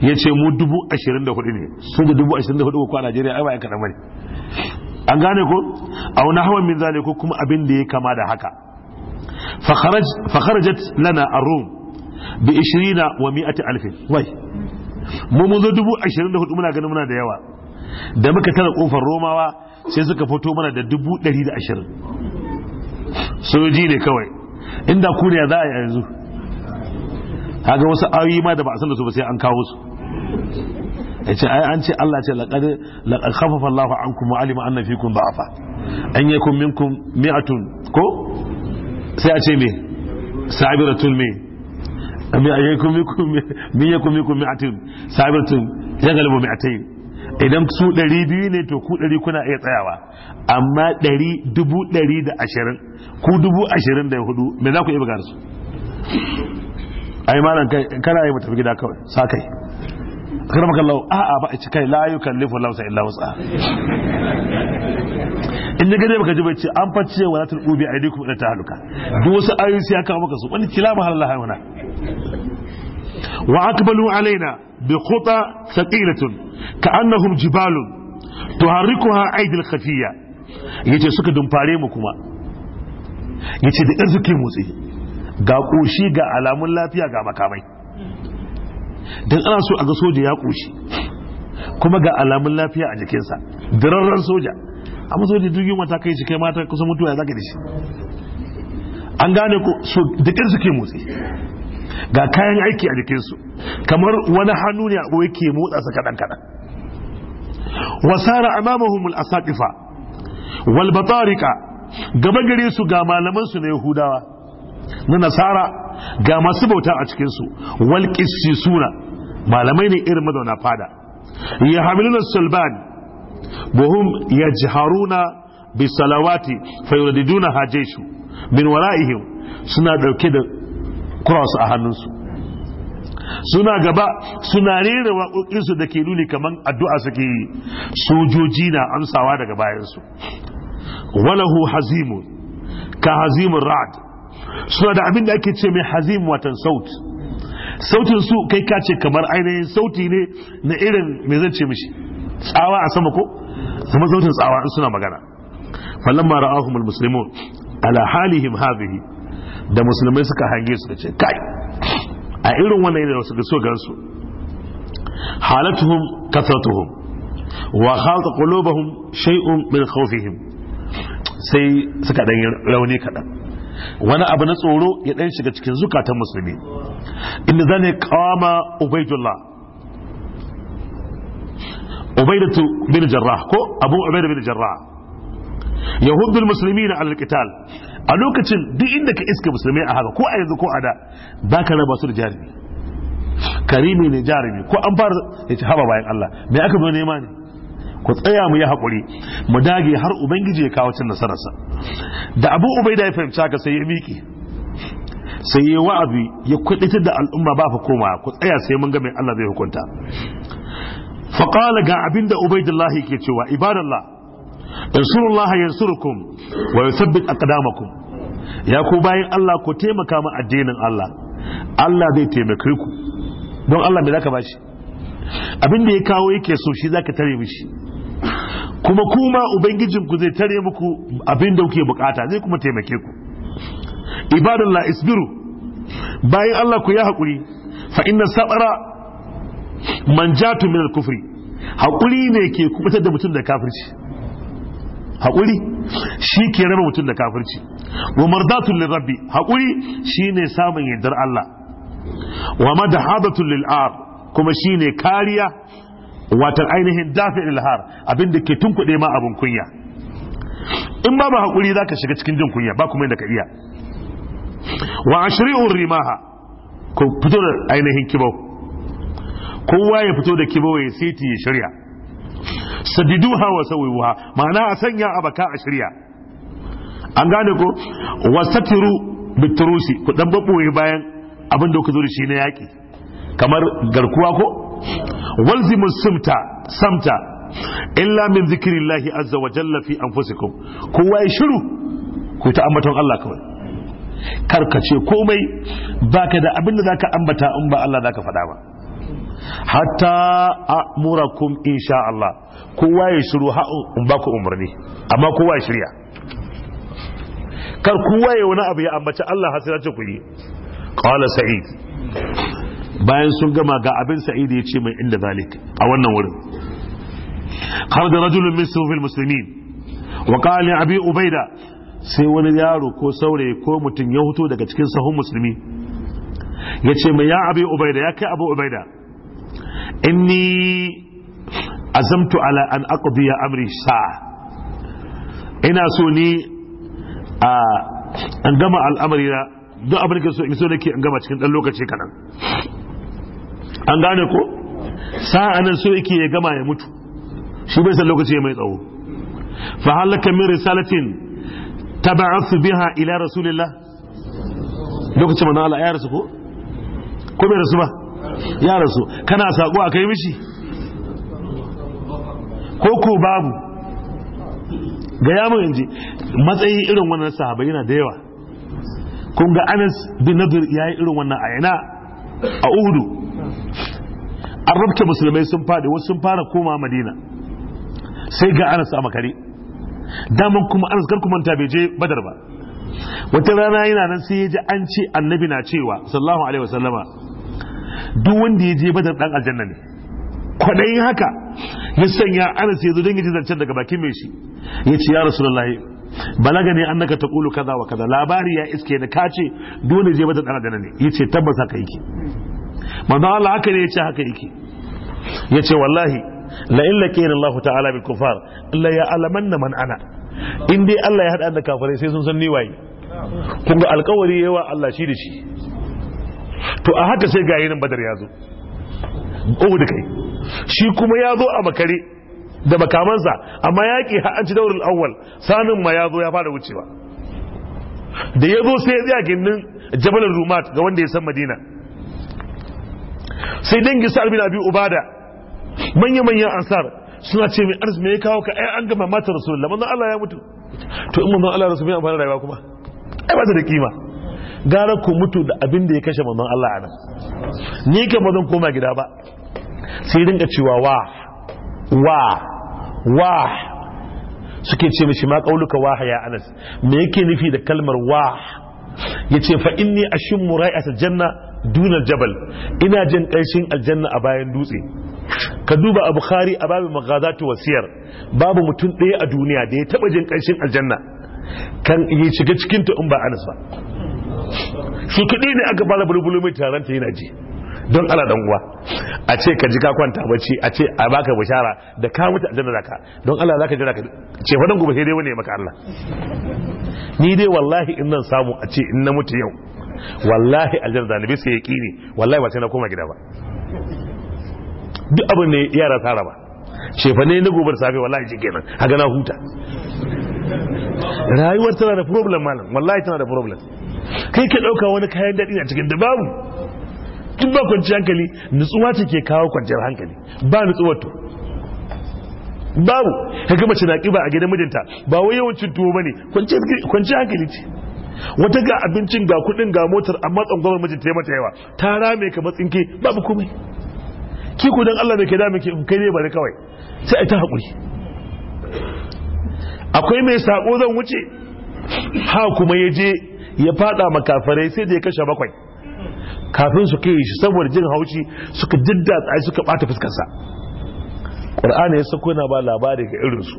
ya ce mu dubu ashirin da hudu ne soja dubu ashirin da hudu ko a najeriya ai ba yanka da bane an gane ko a wani hawan min zale ko kuma abin da ya kama da haka fakharajat lana a rome bi ishirina wa mi'ati alfin wai mu mun zo dubu ashirin da hudu muna ganin muna da yawa da muka tara kofar romawa sai suka fito mana da dubu ɗari da ashirin sojoji ne kawai inda kuriya za a yanzu kaga wasu ayoyi ma da ba a san da su ba sai an kawo su ya ce ai an ce Allah ce laqad laqad khaffafa Allah ankum wa alima anna fikum da'afa an yakum minkum mi'atun ko sai a ce me sabiratun me min ya kuma kuma mi'atin sabiratun ya galibu mi'atain idan su ɗari biyu ne to ku ɗari kuna iya tsayawa amma ɗari dubu ɗari da ashirin ku dubu ashirin da hudu me za ku iya buga su ai malam kai kana yi matafi gida kawai sa kai kar maka lau a'a ba a ci kai la yukallifu lausa illa wasa in na dai baka ji bai ce an fice wa wala ta a idikun da haluka duk wasu ayoyi sai kawo maka su wani kila mahalar hayuna wa aqbalu alaina bi khuta ka annahum jibalun tuharrikuha aidil khafiya yace suka dumfare mu kuma yace da ke motsi ga koshi ga alamun lafiya ga makamai dan ana so a ga soja ya koshi kuma ga alamun lafiya a jikinsa dirarren soja a maso da dukkan mata kai shi kai mata kusa mutuwa ya zaka da shi an gane ko su da su ke motsi ga kayan aiki a jikinsu kamar wani hannu ne a goye ke motsa su kaɗan kaɗan wasara amamahum al-asaqifa wal batariqa gaba gare su ga malaman su na yahudawa na nasara ga masu bauta a cikin su wal qissisuna malamai ne irin mazauna fada ya hamiluna sulban وهم يجهرون بالصلوات فيرددونها جيش من ورائهم سنة دوكيد كروس أهاننسو suna gaba suna rera waƙoƙinsu da ke nuni kamar addu'a suke yi sojoji na amsawa daga bayansu walahu hazimu ka hazimun ra'ad suna da abin da ake ce mai hazim watan saut sautin su kai kace kamar ainihin sauti ne na irin me zan ce mishi tsawa a sama ko sama sautin tsawa in suna magana falamma ra'ahumul muslimun ala halihim hadhihi da musulmai suka hange suka ce kai a irin wannan yanayin suka so gansu halatuhum kasatuhum wa khata qulubuhum shay'un min khawfihim sai suka dan rauni kadan wani abu na tsoro ya dan shiga cikin zukatan musulmi inda zane kama ubaidullah ubaidatu bin jarrah ko abu ubaida bin jarrah yahudul musulmi na alkital a lokacin duk inda ka iska musulmai a haka ko a yanzu ko a da ba ka raba su da jarumi karimi ne jarumi ko an fara ya ci haba bayan Allah me aka zo nema ne ku tsaya mu yi haƙuri mu dage har ubangiji ya kawo cin nasararsa da abu ubaida ya fahimci haka sai ya miƙe sai ya wa'azi ya kuɗitar da al'umma ba fa koma ku tsaya sai mun ga mai Allah zai hukunta faƙala ga abinda da ubaidullahi ke cewa ibadallah yansurullah yansurukum wa yuthabbit aqdamakum ya ku bayan Allah ku taimaka ma addinin Allah Allah zai taimake ku don Allah me zaka bashi Abinda ya kawo yake so shi zaka tare mishi kuma kuma ubangijin ku zai tare muku abinda kuke bukata zai kuma taimake ku ibadallah isbiru bayan Allah ku yi hakuri fa inna sabara manjatu min al-kufri haƙuri ne ke kubutar da mutum da kafirci haƙuri shi ke raba mutum da kafirci wa mardatun lil rabbi haƙuri shine samun yardar Allah wa madahadatun lil ar kuma shine kariya watan ainihin dafi'il har abinda ke tunkuɗe ma abin kunya in ba ba haƙuri zaka shiga cikin jin kunya ba kuma yadda ka iya wa ashri'ur rimaha ku fito da ainihin kibau kowa ya fito da kibo ya siti ya shirya sadidu wa sawiwuha ma'ana a sanya abaka a shirya an gane ko wasatiru bitrusi ku dan babboye bayan abin da ku zo da shi na yaki kamar garkuwa ko walzimu sumta samta illa min zikrillahi azza wa jalla fi anfusikum kowa ya shiru ku ta ambaton Allah kawai karkace komai baka da abin da zaka ambata in ba Allah zaka faɗa ba hatta amurakum insha Allah kowa ya shiru ha in ba ku umarni amma kowa ya shirya kar kowa ya wani abu ya ambaci Allah har sai ce ku yi qala sa'id bayan sun gama ga abin sa'id ya ce mai inda zalik a wannan wurin da rajulun min sufil muslimin wa qala abi ubaida sai wani yaro ko saurayi ko mutum ya huto daga cikin sahun musulmi ya ce mai ya abi ubaida ya kai abu ubaida inni azamtu ala an aqdiya amri sa'a ina so ni a an gama al'amari na abin da so in so nake an gama cikin dan lokaci kadan an gane ko sa'a nan so yake ya gama ya mutu shi bai san lokaci mai tsawo fa halaka min risalatin tab'athu biha ila rasulillah lokacin manzo Allah ya rasu ko ko bai rasu ba ya rasu kana sako a kai mishi ko ko babu ga yamu yanzu matsayi irin wannan sahabai yana da yawa kun ga anas bin nadir ya yi irin wannan aina a uhudu an musulmai sun fadi wasu sun fara koma madina sai ga anas a makare daman kuma anas kar kuma ta bai je badar ba wata rana yana nan sai ya ji an ce annabi na cewa sallallahu alaihi wasallama duk wanda ya je badar dan aljanna ne kwadayin haka ya sanya anas ya zo don ya zancen daga bakin mai shi ya ce ya rasulullahi balaga ne annaka taqulu kaza wa kaza labari ya iske ne kace dole je badar dan aljanna ne yace tabbas haka yake manzo Allah haka ne yace haka yake yace wallahi la illa kayna Allah ta'ala bil kufar illa ya alamanna man ana in dai Allah ya hada da kafirai sai sun san ni waye kun ga alƙawari yawa Allah shi da shi to a haka sai ga yanin badar ya zo uku da kai shi kuma ya zo a makare da makamansa amma yaƙi har an ci daurin awwal sanin ma ya zo ya fara wucewa da ya zo sai ya tsaya gindin jabalar rumat ga wanda ya san madina sai dangi sa bin abi ubada manya-manyan ansar suna ce mai arziki ya kawo ka ai an gama mata rasulullah manzon Allah ya mutu to in manzon Allah rasulullah ya amfani rayuwa kuma ai ba ta da kima gara ku mutu da abin da ya kashe manzon Allah a nan ni ka ba zan koma gida ba sai rinka cewa wa wa wa suke ce mishi ma kauluka wa ya anas me yake nufi da kalmar wa yace fa inni ashimmu ra'ata janna duna jabal ina jin ƙarshen aljanna a bayan dutse ka duba a bukhari a babin magazatu wasiyar babu mutum ɗaya a duniya da ya taɓa jin ƙarshen aljanna kan yi shiga cikin ta in ba anas ba su kaɗai ne aka fara bulbulu mai taron ta yana ji don ala dan uwa a ce ka ji ka kwanta bacci a ce a baka bishara da ka mutu a jannata ka don Allah ka jira ka ce fadon gobe sai dai wani ya maka Allah ni dai wallahi in nan samu a ce in na mutu yau wallahi aljanna ne bisa kini wallahi ba sai na koma gida ba duk abin ne yara tsara ba ce fa ne na gobe da safe wallahi ji kenan haka na huta rayuwar tana da problem malam wallahi tana da problem kai ka ɗauka wani kayan daɗi a cikin dababu. babu ba kwanciyar hankali nutsuwa ce ke kawo kwanciyar hankali ba nutsuwar to babu kaga mace na kiba a gidan mijinta ba wai yawancin tuwo bane kwanciyar hankali ce wata ga abincin ga kudin ga motar amma tsangwamar mijinta ya mata yawa ta rame ka matsinke babu komai ki ku dan Allah bai ke dame ki kai ne bare kawai sai ai ta hakuri akwai mai sako zan wuce ha kuma ya je ya fada makafarai sai da ya kashe bakwai kafin su kai shi saboda jin haushi suka didda tsaye suka bata fuskarsa ƙurani ya sako yana ba labari ga irin su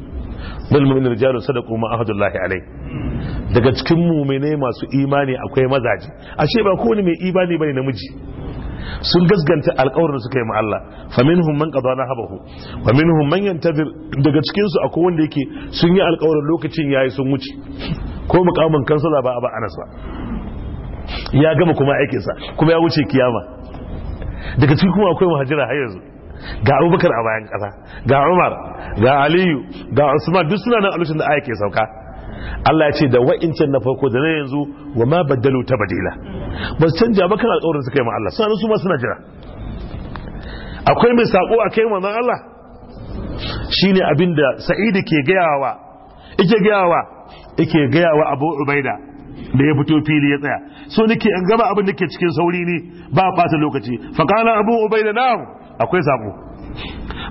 bal mu'min rijalu sadaqu ma ahadullahi alai daga cikin mu'mine masu imani akwai mazaji ashe ba kowane mai imani bane namiji sun gasganta alƙawarin suka yi ma Allah fa minhum man qadana habahu wa minhum man yantazir daga cikin su akwai wanda yake sun yi alƙawarin lokacin yayi sun wuce ko mukamin kansula ba a ba anas ba ya gama kuma aikinsa kuma ya wuce kiyama daga cikin kuma akwai muhajira har yanzu ga abubakar a bayan kasa ga umar ga aliyu ga usman duk suna nan a lokacin da aya sauka Allah ya ce da wa'incan na farko da na yanzu wa ma baddalu ta badila ba su canja ba kan alƙawarin suka yi ma Allah suna su ma suna jira akwai mai sako a kai manzon Allah shine abinda sa'idi ke gayawa ike gayawa yake gaya wa abu ubaida da ya fito fili ya tsaya so nake an gaba abin da ke cikin sauri ne ba a lokaci faƙala abu ubaida na akwai saƙo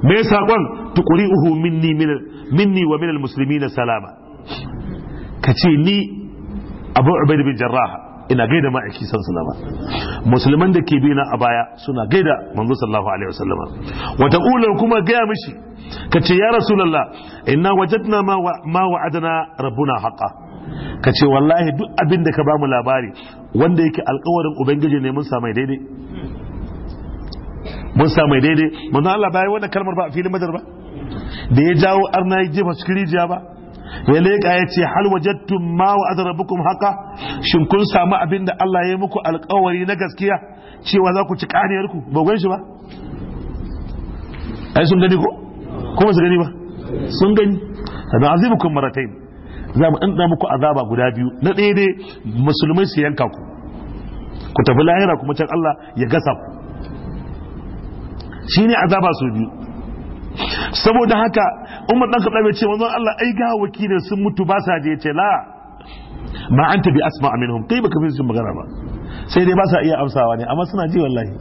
me saƙon tukuri uhu minni wa minal musulmi na salama ka ce ni abu ubaida bin jarraha ina gaida ma'aiki san sulama musulman da ke bina a baya suna gaida manzo sallallahu alaihi wasallam wata ular kuma gaya mishi kace ya rasulullah inna wajadna ma wa'adana rabbuna haqa kace wallahi duk abin da ka bamu labari wanda yake alƙawarin ubangiji ne mun samu daidai mun samu daidai manzo Allah bai wannan kalmar ba a filin madar ba da ya jawo arna ya jefa cikin rijiya ba ya leƙa ya ce hal wajattum ma wa azrabukum haka shin kun samu abin da Allah ya muku alƙawari na gaskiya cewa za ku ci kaniyar ku ba gwai shi ba ai sun gani ko kuma su gani ba sun gani da kun maratain za mu ɗanɗa muku azaba guda biyu na ɗaya dai musulmai su yanka ku ku tafi lahira kuma can Allah ya gasa ku shine azaba su biyu saboda haka umar dan khattab ya ce manzon Allah ai ga wakilin sun mutu ba sa je ce la ma anta bi asma minhum kai baka fi su magana ba sai dai ba sa iya amsawa ne amma suna ji wallahi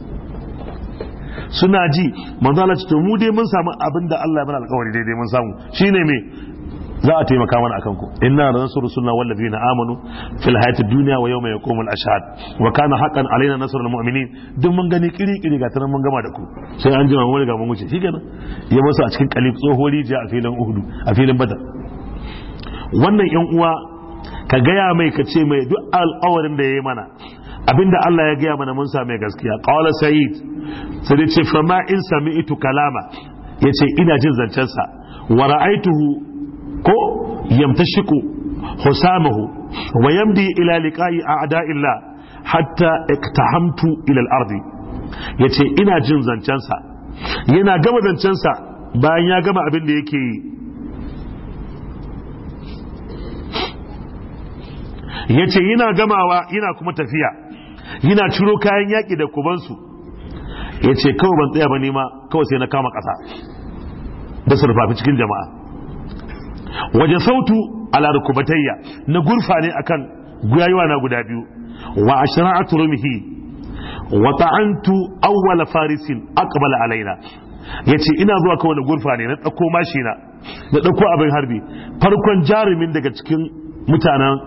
suna ji manzon Allah ce to mu dai mun samu abin da Allah ya mana alƙawari daidai mun samu shine me za a taimaka mana akan ku inna nansuru sunna na amanu fil hayatid dunya wa yawma yaqumul ashhad wa kana haqqan alaina nasrul mu'minin duk mun gani kiri kiri ga tanan mun gama da ku sai an jima mun riga mun wuce shikenan ya musu a cikin kalib tsohori jiya a filin uhudu a filin badar wannan yan uwa ka gaya mai ka ce mai duk al'awarin da ya yi mana abinda Allah ya gaya mana mun same gaskiya qala sayyid sai ya ce fa ma in sami'tu kalama yace ina jin zancensa wa ra'aituhu ko yamta yamtashiku husamahu wa yamdi ila liqa'i a'da'illah hatta iktahamtu ila al-ardi yace ina jin zancensa yana gama zancensa bayan ya gama abin da yake yi yana gamawa yana kuma tafiya yana ciro kayan yaƙi da kubansu Yace kawai ban tsaya ba nema kawai sai na kama ƙasa da surfafi cikin jama'a waje sautu ala rukubatayya na gurfa ne akan guyayuwa na guda biyu wa ashra'atu rumhi wa ta'antu awwal farisin aqbala alaina yace ina zuwa kawai da gurfa ne na dauko mashina na na dauko abin harbi farkon jarumin daga cikin mutanen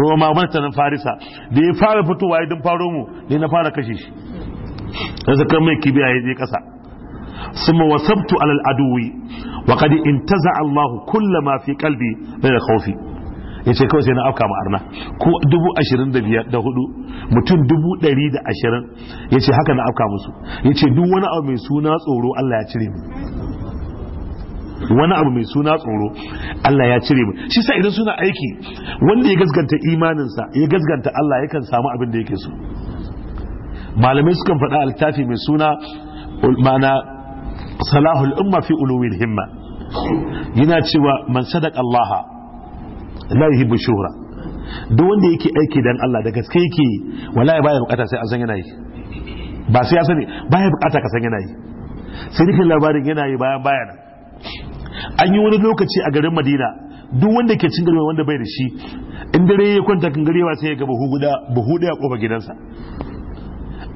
roma mutanen farisa da ya fara fitowa ya faro mu ne na fara kashe shi sai kan mai kibiya ya je kasa ثم وثبت على العدو وقد انتزع الله كل ما في قلبي من الخوف ya ce kawai sai na afka ma'arna ko dubu ashirin da biyar da hudu mutum dubu ɗari da ashirin ya ce haka na afka musu ya ce duk wani abu mai suna tsoro Allah ya cire mu wani abu mai suna tsoro Allah ya cire mu shi sa idan suna aiki wanda ya gasganta imaninsa ya gasganta Allah yakan samu abin da yake so malamai sukan faɗa littafi mai suna ma'ana salahul umma fi uluwil himma yana cewa man sadaka Allah la yuhibbu shuhra duk wanda yake aiki dan Allah da gaske yake wallahi baya bukata sai an san yana yi ba sai ya sani baya bukata ka san yana yi sai nake labarin yana yi bayan bayan an yi wani lokaci a garin Madina duk wanda ke cin garwa wanda bai da shi in dare ya kwanta kan garewa sai ya ga buhu guda buhu daya kofa gidansa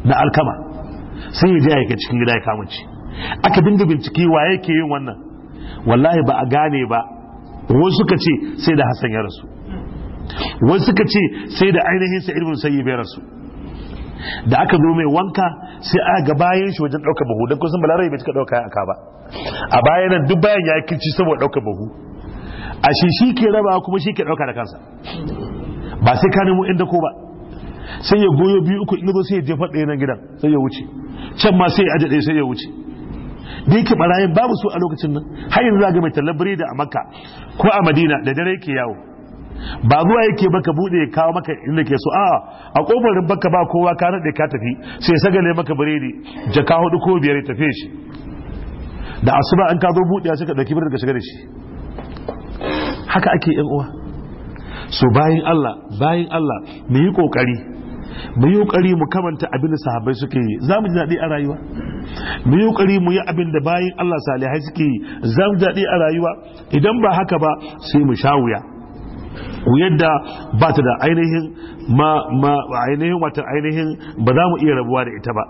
na alkama sai ya je ya cikin gida ya kama ci aka dinga bincike wa yake yin wannan wallahi ba a gane ba wasu suka ce sai da hassan ya rasu wasu suka ce sai da ainihin sa ilmin sai ya rasu da aka zo mai wanka sai a ga bayan shi wajen ɗaukar buhu don kusan balarai bai cika ɗauka aka ba a bayan nan duk bayan ya kirci saboda ɗaukar buhu a shi shi ke raba kuma shi ke ɗauka da kansa ba sai ka nemo inda ko ba sai ya goyo biyu uku in zo sai ya jefa ɗaya nan gidan sai ya wuce can ma sai ya aje ɗaya sai ya wuce da yake barayin babu su a lokacin nan har yanzu za ga mai tallar biredi a makka ko a madina da dare yake yawo ba zuwa yake baka bude ya kawo maka inda ke so a a kofarin baka ba kowa ka rade ka tafi sai sagale maka biredi jaka hudu ko biyar ya tafe shi da asuba an ka zo bude ya ka dauki biredi ka shiga da shi haka ake yan uwa so bayan Allah bayan Allah mu yi kokari mu yi mu kamanta abin da sahabbai suke yi za mu ji daɗi a rayuwa mu yi mu yi abin da bayin Allah salihai suke yi za mu ji daɗi a rayuwa idan ba haka ba sai mu sha wuya wuyar da ba ta da ainihin ma ma ainihin wata ainihin ba za mu iya rabuwa da ita ba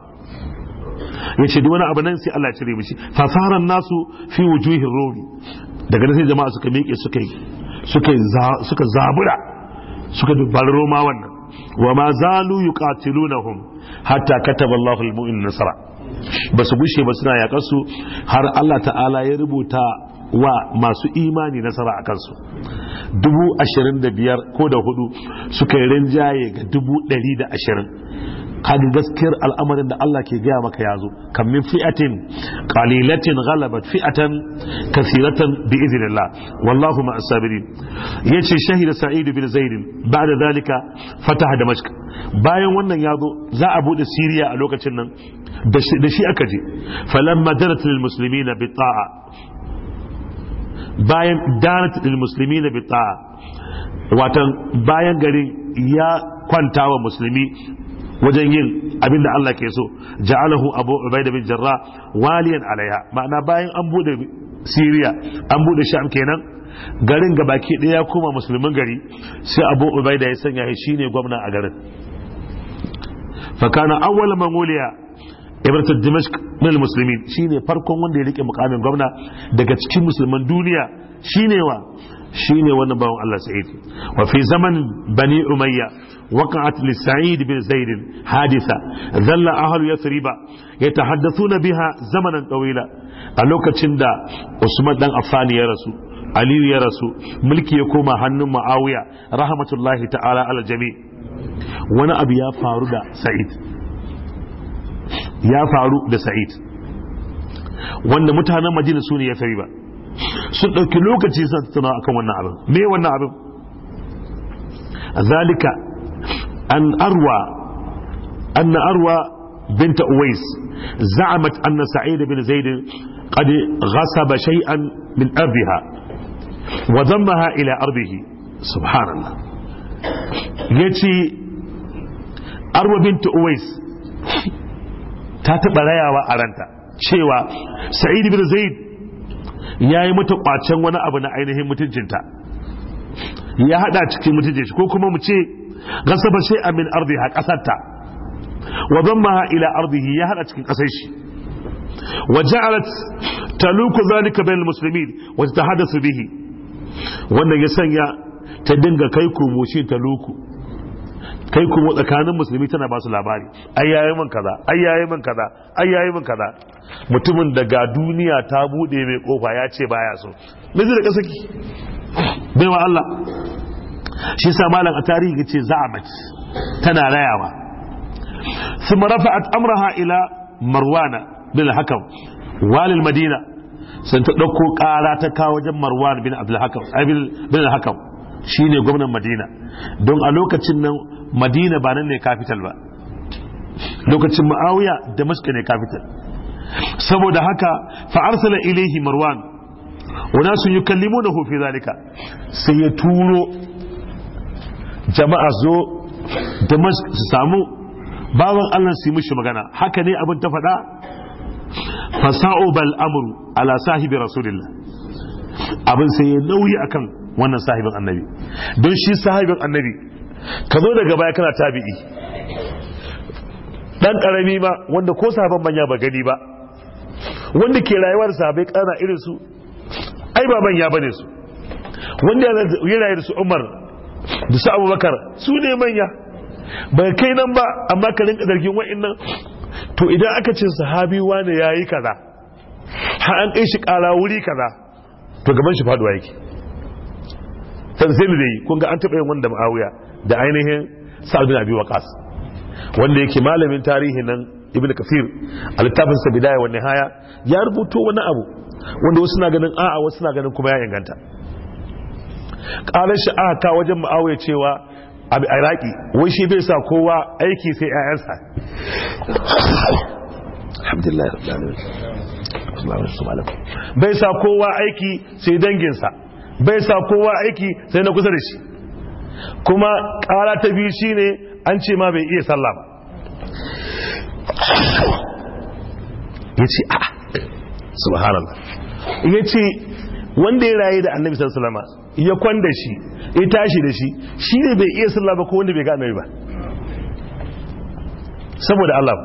ya ce duk wani abu nan sai Allah ya cire mishi fasaran nasu fi wujuhin rori daga nan sai jama'a suka miƙe suka yi suka zabura suka dubbar roma wannan wa ma zalu yuqatilunahum hatta kataba Allahu al-mu'min nasara basu gushe ba suna yakan su har Allah ta'ala ya rubuta wa masu imani nasara a kansu dubu ashirin da biyar ko da hudu suka yi rinjaye ga dubu ɗari da ashirin kaga gaskiyar al'amarin da Allah ke gaya maka yazo kan min fi'atin qalilatin ghalabat fi'atan kathiratan bi idhnillah wallahu ma'as sabirin yace shahida sa'id bin zaid ba'da zalika fataha damashq bayan wannan yazo za a bude siriya a lokacin nan da shi aka je falamma darat lil muslimina bi ta'a bayan darat lil muslimina bi ta'a watan bayan garin ya kwanta wa musulmi wajen yin abin da Allah ke so ja'alahu abu ubaida bin jarra waliyan alaiha ma'ana bayan an bude siriya an bude sham kenan garin gabaki ɗaya ya koma musulmin gari sai abu ubaida ya sanya shi shine gwamna a garin fakana awwal man wuliya ibrata dimashq min muslimin shine farkon wanda ya rike mukamin gwamna daga cikin musulman duniya shine wa shine wannan bawan Allah sa'id wa fi zaman bani umayya وقعت لسعيد بن زيد حادثة ذل أهل يثرب يتحدثون بها زمنا طويلا ألوك تشندا عثمان دان أفاني يا رسول Aliyu ya rasu mulki ya koma hannun Muawiya rahmatullahi ta'ala ala jami wani abu ya faru da Sa'id ya faru da Sa'id wanda mutanen Madina su ne ya sari ba sun ɗauki lokaci sun tattauna akan wannan abin me wannan abin zalika an arwa أن أروى بنت أويس زعمت أن سعيد بن زيد قد غصب شيئا من أرضها وضمها إلى أرضه سبحان الله يتي أروى بنت أويس تاتبا رياوة أرانتا شيوا سعيد بن زيد ya yi mata kwacen wani abu na ainihin mutuncinta ya hada cikin mutuncinta ko kuma mu ce gasaba shay'an min ardiha kasarta wa dammaha ila ardihi ya hada cikin kasar shi wa ja'alat taluku zalika bainal muslimin wa tatahaddathu bihi wannan ya sanya ta dinga kai komo shi taluku kai komo tsakanin musulmi tana ba su labari ai yayi man kaza ai man kaza ai man kaza mutumin daga duniya ta bude mai kofa ya ce baya so me zai da kasaki baiwa Allah shi sa malam a tarihi yace za'abat tana rayawa thumma rafa'at amraha ila marwana bin al walil madina sun ta dauko kara ta kawo wajen marwan bin abdul bin shine gwamnan madina don a lokacin nan madina ba nan ne capital ba lokacin ma'awiya damask ne capital saboda haka fa arsala ilaihi marwan wana sun yi kallimu da hufi zalika sai ya turo jama'a zo da su samu bawan Allah su yi mishi magana haka ne abin ta faɗa fasa'o bal amru ala sahibi rasulillah abin sai ya nauyi akan wannan sahibin annabi don shi sahibin annabi ka zo daga baya kana tabi'i dan karami ba wanda ko sahaban manya ba gani ba wanda ke rayuwar sahabai kana irin su ai baban ya bane su wanda ya rayu da su Umar da su abubakar su ne manya bai kai nan ba amma ka rinka zargin nan. to idan aka cin sahabi wani ya yi kaza har an kai shi kara wuri kaza to gaban shi faduwa yake da yi kun ga an taɓa yin wanda ma'awuya da ainihin sa'adun bin abi waqas wanda yake malamin tarihi nan ibnu kafir a littafin sa bidaya wa nihaya ya rubuto wani abu wanda wasu na ganin a'a wasu na ganin kuma ya inganta ƙarar sha'a ta wajen ma'awai cewa a iraki wai shi bai sa kowa aiki sai 'ya'yansa bai sa kowa aiki sai danginsa bai sa kowa aiki sai na kusa da shi kuma ƙara ta biyu shine an ce ma bai iya sallah ba ya ce a subhanallah ya ce wanda ya raye da annabi sallallahu alaihi wasallam ya kwanda shi ya tashi da shi shine bai iya sallah ba ko wanda bai ga annabi ba saboda Allah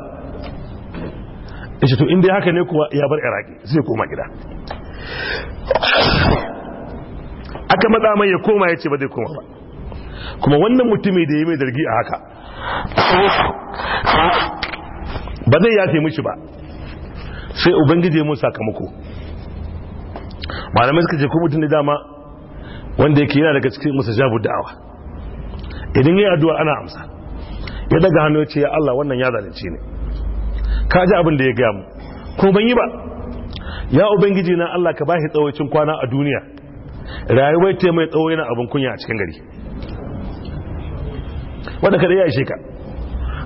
ishe to inda haka ne kuwa ya bar iraki zai koma gida aka matsa mai ya koma ya ce ba zai koma ba kuma wannan mutumi da ya mai dargi a haka ba zai yafe mishi ba sai ubangiji mu sakamako malamai suka ce ko mutum da dama wanda yake yana daga cikin musa jabu da'awa idan yi addu'a ana amsa ya daga hannu ce ya Allah wannan ya zalunci ne ka ji abin da ya gaya mu ko ban yi ba ya ubangiji na Allah ka bashi tsawaicin kwana a duniya rayuwar ta mai tsawo yana abin kunya a cikin gari wanda ka da ya yi ka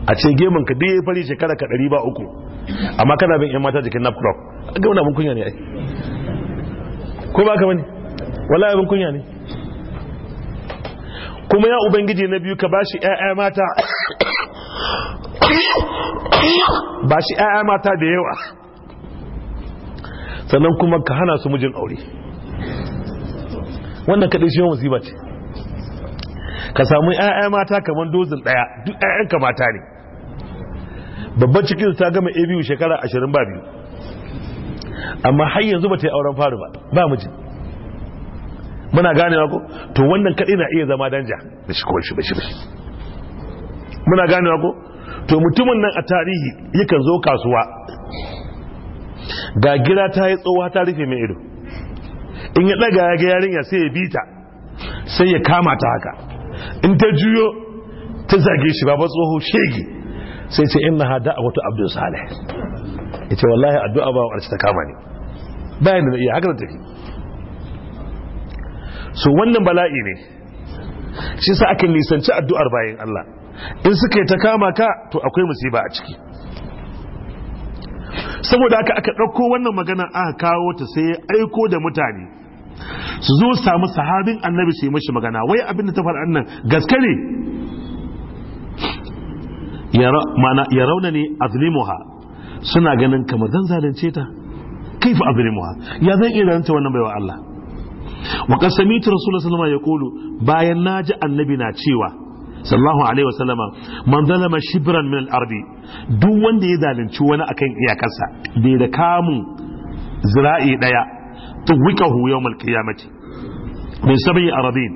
a ce gemun ka duk ya fari shekara ka ɗari ba uku amma kana bin yan mata jikin napcrop ga wani abin kunya ne ai ko ba ka bane wallahi abin kunya ne kuma ya ubangiji na biyu ka bashi ƴaƴa mata bashi ƴaƴa mata da yawa sannan kuma ka hana su mijin aure wannan kaɗai shi musiba ce ka samu ƴaƴa mata kamar dozin ɗaya duk ƴaƴanka mata ne babban cikin ta gama abu shekara ashirin ba biyu amma har yanzu ba ta yi auren faru ba ba miji muna gane ko to wannan kadai na iya zama danja da shi kawai shi ba shi ba muna gane ko to mutumin nan a tarihi yakan zo kasuwa ga gira ta yi tsohuwa ta rufe mai ido in ya daga ya ga yarinya sai ya bi ta sai ya kama ta haka in ta juyo ta zage shi ba ba tsoho shege sai ce inna hada a wata abdul salih ya ce wallahi addu'a ba wa ta kama ne bayan da iya hakan da tafi so wannan bala'i ne shi sa aka nisanci addu'ar bayan Allah in suka yi ta kama ka to akwai musiba a ciki saboda aka aka ɗauko wannan magana aka kawo ta sai ya aiko da mutane su zo samu sahabin annabi su yi mashi magana wai abin da ta faru nan gaske ne ya rauna ne azlimuha suna ganin kamar zan zalunce ta kaifa azlimuha ya zan iya zalunta wannan baiwa Allah wa kasami sami'tu rasulullahi sallallahu alaihi wasallam bayan naji annabi na cewa sallallahu alaihi wasallama man zalama shibran min al-ardi duk wanda ya zalunci wani akan iyakarsa bai da kamun zira'i daya tuwikahu yawmal qiyamati min sab'i aradin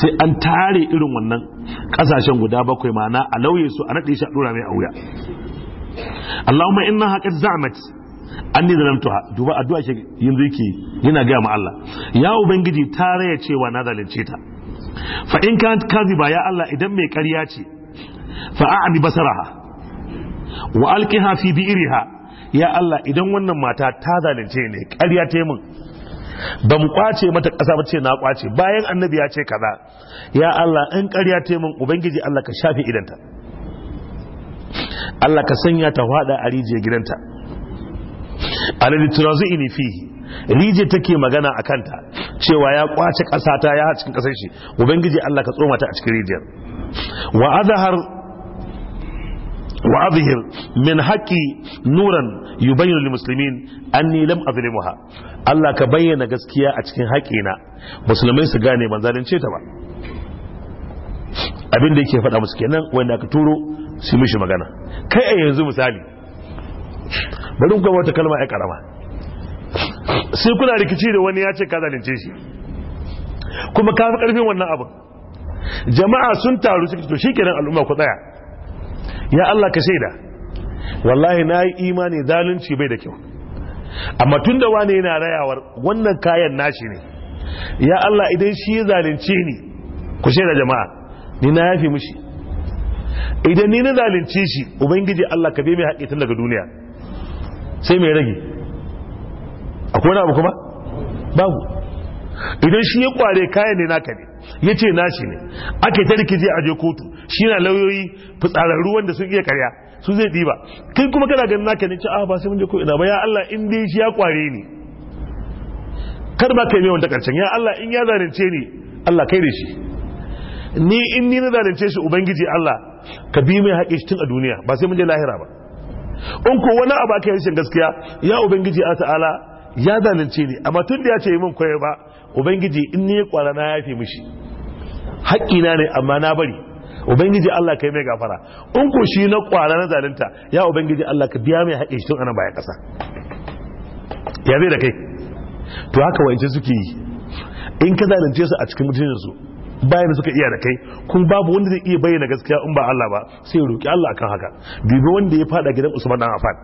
sai an tare irin wannan kasashen guda bakwai ma'ana a lauye su a naɗe shi a dora mai a wuya Allahumma innaha qad za'mat anni zalamtuha duba addu'a ce yanzu yake yana ga ma Allah ya ubangiji ta raya cewa na zalunce ta fa in kazi ba ya Allah idan mai ƙarya ce fa a'mi basaraha wa alqiha fi bi'riha ya Allah idan wannan mata ta zalunce ne ƙarya ta mun ba mu kwace mata kasa ba ce na kwace bayan annabi ya ce kaza ya Allah in ƙarya ta mun ubangiji Allah ka shafe idanta Allah ka sanya ta fada a rijiyar gidanta alal turazi'ini fi rijiyar take magana a kanta cewa ya kwace ƙasa ta ya cikin ƙasar shi ubangiji Allah ka tsoma ta a cikin rijiyar wa azhar wa azhir min haqqi nuran yubayyinu lil muslimin anni lam azlimuha Allah ka bayyana gaskiya a cikin haƙina musulmai su gane ban ce ta ba abin da yake faɗa musu kenan wanda aka turo su mishi magana kai a yanzu misali bari ku wata kalma ya karama sai kuna rikici da wani ya ce ka zalunce shi kuma ka fi karfin wannan abu. jama'a sun taru suka to shikenan al'umma ku tsaya ya Allah ka shaida wallahi na yi imani zalunci bai da kyau amma tun da wane yana rayawar wannan kayan nashi ne ya Allah idan shi ya zalunce ni ku shaida jama'a ni na yafi mushi idan ni na zalunci shi ubangiji Allah ka bi mai haƙƙi tun daga duniya sai mai rage akwai wani abu kuma babu idan shi ya kware kayan ne naka ne ya ce nashi ne aka ta rikici a je kotu shi na lauyoyi fitsararru wanda sun iya karya su zai ɗiba kai kuma kana ganin naka ne ce a ah, ba sai mun je ko ina ba ya Allah in dai shi ya kware ni kar ma kai mai wanda karshen ya Allah in ya zalunce ni Allah kai da shi ni in ni na zalunce shi ubangiji Allah ka bi mai haƙe tun a duniya ba sai mun je lahira ba in ko wani abu aka yi gaskiya ya ubangiji a ta'ala ya zalunce ni amma tun da ya ce min koyar ba ubangiji in ne kwara na yafe mishi haƙƙina ne amma na bari ubangiji Allah kai mai gafara in ko shi na kwara na zalunta ya ubangiji Allah ka biya mai haƙe tun anan baya ƙasa ya zai da kai to haka wa'ince suke yi in ka zalunce su a cikin mutuncin su bayan suka iya da kai kuma babu wanda zai iya bayyana gaskiya in ba Allah ba sai roki Allah akan haka Dube wanda ya fada gidan Usman dan Affan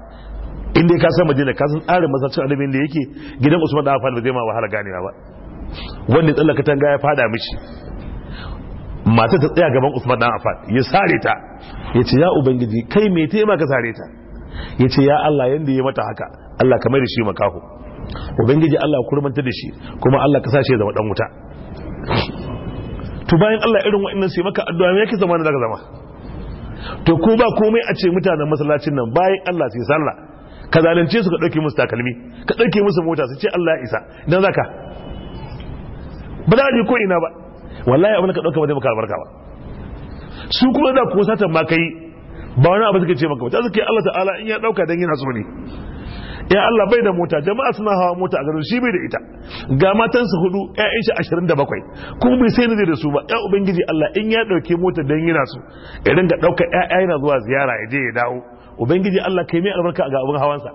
inda ya kasa madina ka san tsarin masarcin alamin da yake gidan Usman dan Affan ba zai ma wahala ganewa ba wanda ya tsallaka tanga ya fada mishi mata ta tsaya gaban Usman dan Affan ya sare ta ya ce ya ubangiji kai me tayi maka sare ta ya ce ya Allah yanda ya mata haka Allah kamar da shi makaho ubangiji Allah kurmanta da shi kuma Allah ka sa shi ya zama dan wuta to bayan Allah irin wa'annan sai maka addu'a me yake zamanin da zaka zama to ko ba komai a ce mutanen masallacin nan bayan Allah sai sallah ka zalunce su ka dauke musu takalmi ka dauke musu mota su ce Allah ya isa dan zaka ba za a yi ko ina ba wallahi abin ka dauka ba zai maka albarka ba su kuma da ku satan ma kai ba wani abu suka ce maka ba ta suke Allah ta'ala in ya dauka dan yana so ne ya Allah bai da mota jama'a suna hawa mota a garin shi bai da ita ga matansa hudu ƴaƴan shi 27 kuma bai sai da su ba ya ubangiji Allah in ya dauke mota dan yana su ya dinga dauka ƴaƴa yana zuwa ziyara ya je ya dawo ubangiji Allah kai mai albarka ga abin hawansa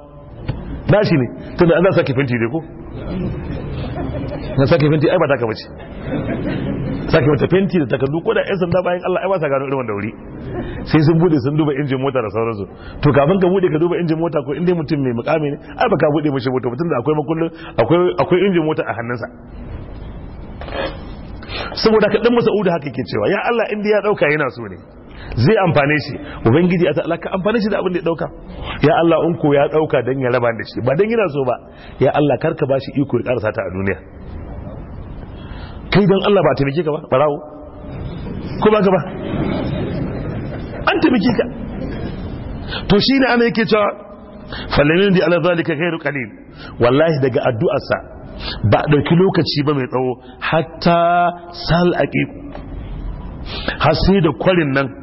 dashi ne tunda Allah saki fenti dai ko na sake fenti ai ba ta bace sake mata fenti da takardu ko da yan sanda bayan Allah ai ba sa gano irin wanda wuri sai sun bude sun duba injin mota da sauransu to kafin ka bude ka duba injin mota ko inda mutum mai mukami ne ai ba ka bude mishi mota mutum da akwai makullin akwai akwai injin mota a hannunsa saboda ka dan Uda haka ke cewa ya Allah inda ya dauka yana so ne zai amfane shi ubangiji a ta'ala ka amfane shi da abin da ya dauka ya Allah in ko ya dauka dan ya raba da shi ba dan yana so ba ya Allah kar ka bashi iko ya karasa ta a duniya kai dan Allah ba taimake ka ba barawo ko ba ka ba an taimake ka to shine ana yake cewa falamin di ala zalika khairu qalil wallahi daga addu'arsa ba dauki lokaci ba mai tsawo hatta sal aqiq har sai da kwarin nan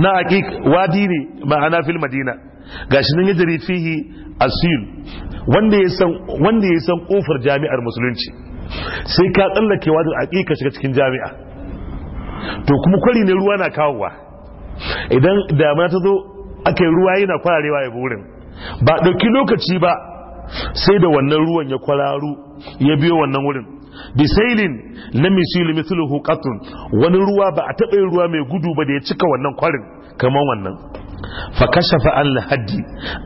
na aqiq wadi ne ma'ana fil madina gashi nan yajri fihi asil wanda ya san wanda ya san kofar jami'ar musulunci sai ka tsallake wadin aqiq shiga cikin jami'a to kuma kwari ne ruwa na kawowa idan damana ta zo aka yi ruwa yana kwararewa ya burin ba ɗauki lokaci ba sai da wannan ruwan ya kwararu ya biyo wannan wurin bisailin lam yusil mithluhu qatun wani ruwa ba a taɓa yin ruwa mai gudu ba da ya cika wannan kwarin kamar wannan fa kashafa an lahaddi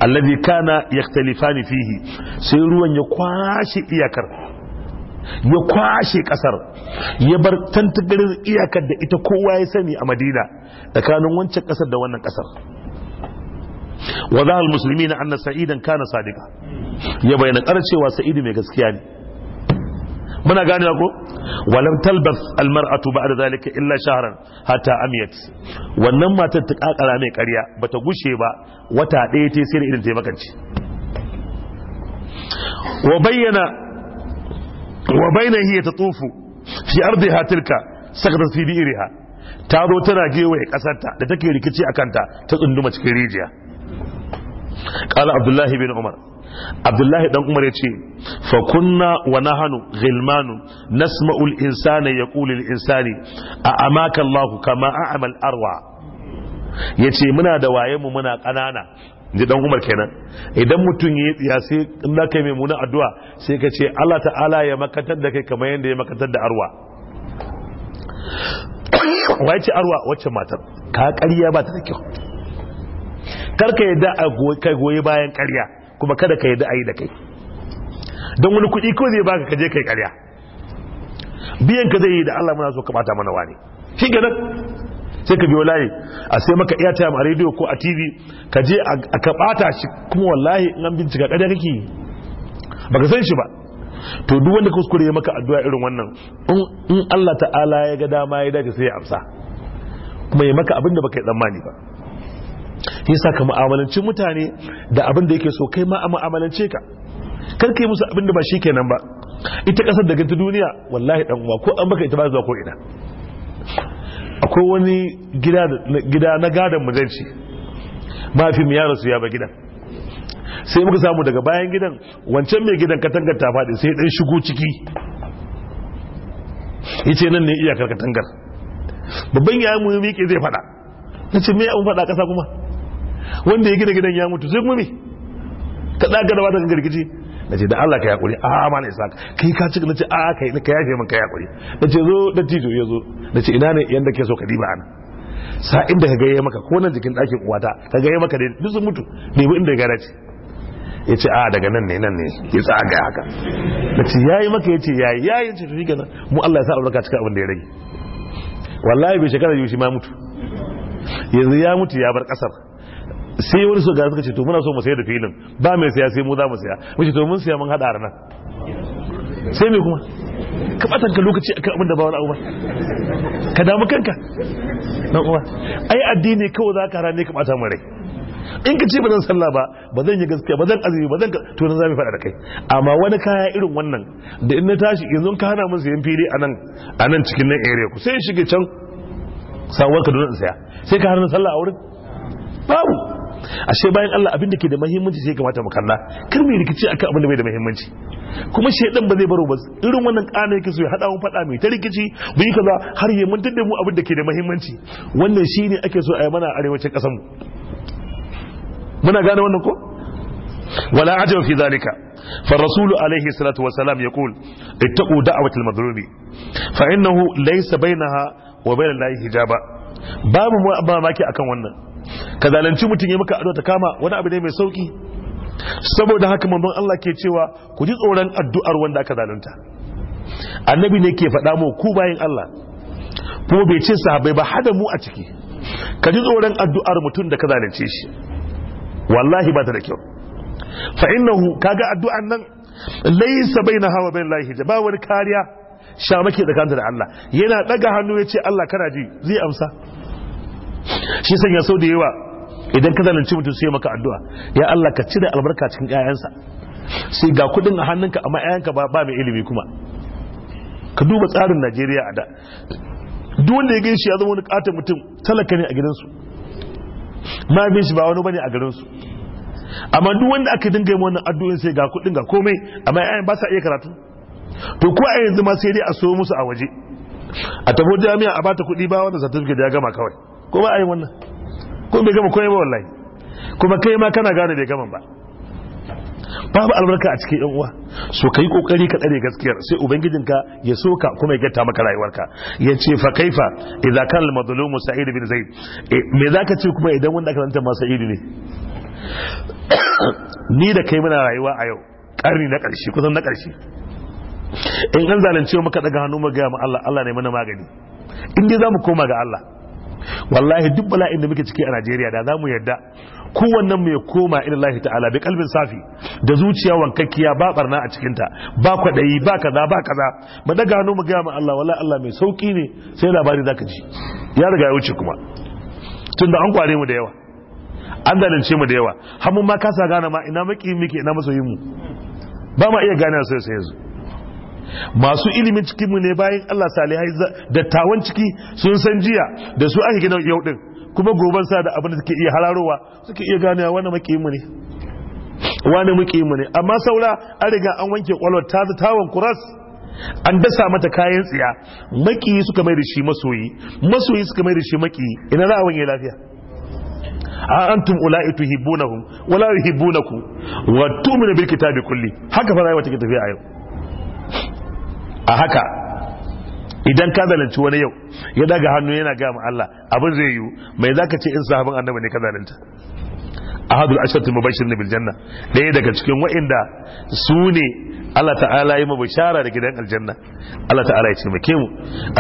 alladhi kana yaktalifani fihi sai ruwan ya kwashe iyakar ya kwashe kasar ya bar tantabirin iyakar da ita kowa ya sani a madina tsakanin wancan kasar da wannan kasar wa zahal musulmi na anna sa'idan kana sadiqa ya bayyana cewa sa'idi mai gaskiya ne muna gane ko walam talbas almar'atu ba'da zalika illa shahran hatta amiyat wannan matar ta kakara mai ƙarya bata gushe ba wata ɗaya ce sai da irin ta makanci wa bayyana wa bayna hiya tatufu fi ardiha tilka sakatat fi bi'riha ta zo tana gewaye kasarta da take rikici akanta ta tsunduma cikin rijiya qala abdullahi bin umar abdullahi dan umar yace fa kunna wa nahnu ghilmanu nasma'u al-insana yaqulu al-insani a amaka Allah kama a'mal arwa yace muna da waye mu muna kanana ji dan umar kenan idan mutum ya tsiya sai in da kai mai muna addu'a sai ka ce Allah ta'ala ya makatar da kai kamar yadda ya makatar da arwa wai ce arwa wacce matar ka ƙarya ba ta da kyau karka yadda a goyi bayan ƙarya kuma kada ka yi a yi da kai don wani kuɗi ko zai baka ka kaje kai karya biyan ka zai yi da Allah muna so ka bata mana wani shi nan sai ka biyo layi a sai maka airtime a radio ko a tv ka je a ka bata shi kuma wallahi in an bincika karya kake baka san shi ba to duk wanda kuskure ya maka addu'a irin wannan in Allah ta'ala ya ga dama ya dace sai ya amsa kuma ya maka abinda baka yi tsammani ba yasa ka mu'amalanci mutane da abin da yake so kai ma a mu'amalance ka kar yi musu abin da ba shi kenan ba ita kasar daga ta duniya wallahi dan uwa ko an baka ita ba zuwa ko ina akwai wani gida gida na gadon mujanci mafi mu yaro su ya ba gidan sai muka samu daga bayan gidan wancan mai gidan katangar ta faɗi sai dan shigo ciki yace nan ne iyakar katangar babban yayin mu yake zai faɗa nace me an faɗa kasa kuma wanda ya gina gidan ya mutu sai kuma me ka tsaga da wata gargaji na ce da Allah ka yakuri a ma na isa ka ka kacin na ce a kai ka yafe min ka yakuri na ce zo da tijo ya zo na ce ina ne yadda ke so ka diba ana sa'in da ka gaye maka ko nan jikin ɗakin uwata ka gaye maka da duk sun mutu ne bu inda ya gara ce ya ce a daga nan ne nan ne ya tsaga haka na ce yi maka ya ce ya yi ce tafi gana mu Allah ya sa albarka cikin abin da ya rage wallahi bai shekarar yau shi ma mutu yanzu ya mutu ya bar kasar sai wani suka suka ce to muna so mu sayar da filin ba mai saya sai mu za mu saya mu ce to mun saya mun hada arna sai me kuma ka batanka lokaci kan abin da ba wani abu ba ka damu kanka dan uwa ai addini kawai za ka rane ka bata mu rai in ka ce ba zan sallah ba ba zan yi gaskiya ba zan azumi ba zan to nan zamu faɗa da kai amma wani kaya irin wannan da in na tashi yanzu ka hana mun sayan fili anan nan cikin nan area ku sai shige can sawar ka don saya sai ka hana sallah a wurin babu ashe bayan Allah abin da ke da muhimmanci sai kamata mu kalla kar mu rikici akan abin da bai da muhimmanci kuma shedan ba zai baro ba irin wannan kana yake so ya hada mu fada mai ta rikici mu yi kaza har ya mantar da mu abin da ke da muhimmanci wannan shine ake so a yi mana arewacin kasar mu muna gane wannan ko wala ajab fi zalika فالرسول عليه الصلاة والسلام يقول اتقوا دعوة المظلوم فإنه ليس بينها وبين الله حجابا babu mamaki akan wannan ka zalunci mutum ya maka addu'a ta kama wani abu ne mai sauki saboda haka manzon Allah ke cewa ku ji tsoron addu'ar wanda aka zalunta annabi ne ke faɗa mu ku bayin Allah ko bai ce sahabbai ba hada mu a ciki ka ji tsoron addu'ar mutum da ka zalunce shi wallahi ba ta da kyau fa innahu ga addu'an nan laysa bainaha hawa bain lahi ba wani kariya Sha shamake tsakaninta da Allah yana daga hannu ya ce Allah kana ji zai amsa shi sanya sau da yawa idan ka zalunci mutum sai maka addu'a ya Allah ka cire albarka cikin ƴaƴansa sai ga kudin a hannunka amma ƴaƴanka ba ba mai ilimi kuma ka duba tsarin Najeriya a da duk wanda ya gaishe ya zama wani katon mutum talaka ne a gidansu bin shi ba wani bane a gidansu. amma duk wanda aka dinga yin wannan addu'in sai ga kudin ga komai amma ƴaƴan ba sa iya karatu to ko a yanzu ma sai dai a so musu a waje a tafi jami'a a bata kuɗi ba wanda certificate ya gama kawai ko ba a yi wannan ko bai gama koyi ba wallahi kuma kai ma kana gane bai gama ba babu albarka a cikin yan uwa so kai kokari ka tsare gaskiyar sai ubangijinka ya soka kuma ya gatta maka rayuwarka ya ce fa kaifa idza kana al-mazlumu sa'id bin zaid eh, me zaka ce kuma idan wanda aka zanta ma sa'id ne ni da kai muna rayuwa a yau karni na karshe kusan na karshe in an zalunce maka daga hannu mu ga mu Allah Allah ne mana magani in dai zamu koma ga Allah wallahi duk bala'in da muke ciki a Najeriya da za mu yarda kowannen mu ya koma ila Allah ta'ala bi kalbin safi da zuciya wankakkiya ba barna a cikin ta ba kwadayi ba kaza ba kaza mu daga hannu mu ga ma Allah wallahi Allah mai sauki ne sai labari zaka ji ya riga ya wuce kuma tunda an kware mu da yawa an dalince mu da yawa har mun ma kasa gane ma ina muke muke ina masoyin mu ba ma iya gane sai sai yanzu masu ilimin cikinmu ne bayan Allah salihai dattawan ciki sun san jiya da su ake gina yau din kuma goban sa da abin da suke iya hararowa suke iya ganewa wani makiyinmu ne wani makiyinmu ne amma saura an riga an wanke kwalwar ta tawon kuras an dasa mata kayan tsiya makiyi suka mai da shi masoyi masoyi suka mai da shi makiyi ina za a wanke lafiya a antum ula'i tuhibbunahum wala yuhibbunakum wa tu'minu bil kitabi kulli haka fa rayuwa take tafiya a yau a haka idan ka zalunci wani yau ya daga hannu yana gama Allah abin zai yiwu mai zaka ce in sahabin annabi ne ka zalunta ahadul ashrati mubashir bil janna daya daga cikin wa'inda su ne Allah ta'ala yi mu bishara da gidan aljanna Allah ta'ala ya taimake mu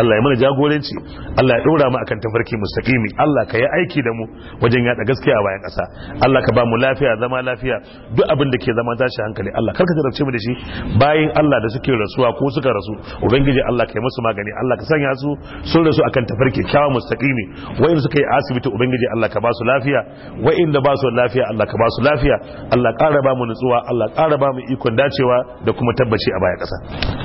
Allah ya mana jagoranci Allah ya dora mu akan tafarki mustaqimi Allah ka yi aiki da mu wajen yada gaskiya bayan ƙasa Allah ka ba mu lafiya zama lafiya duk abin da ke zama tashi hankali Allah karka jarabce mu da shi bayan Allah da suke rasuwa ko suka rasu ubangiji Allah ka yi musu magani Allah ka sanya su sun rasu akan tafarki kyawa mustaqimi wayin suka yi asibiti ubangiji Allah ka ba su lafiya wayin da ba su lafiya Allah ka ba su lafiya Allah ƙara ba mu nutsuwa Allah ƙara ba mu ikon dacewa da kuma tabbaci a baya ƙasa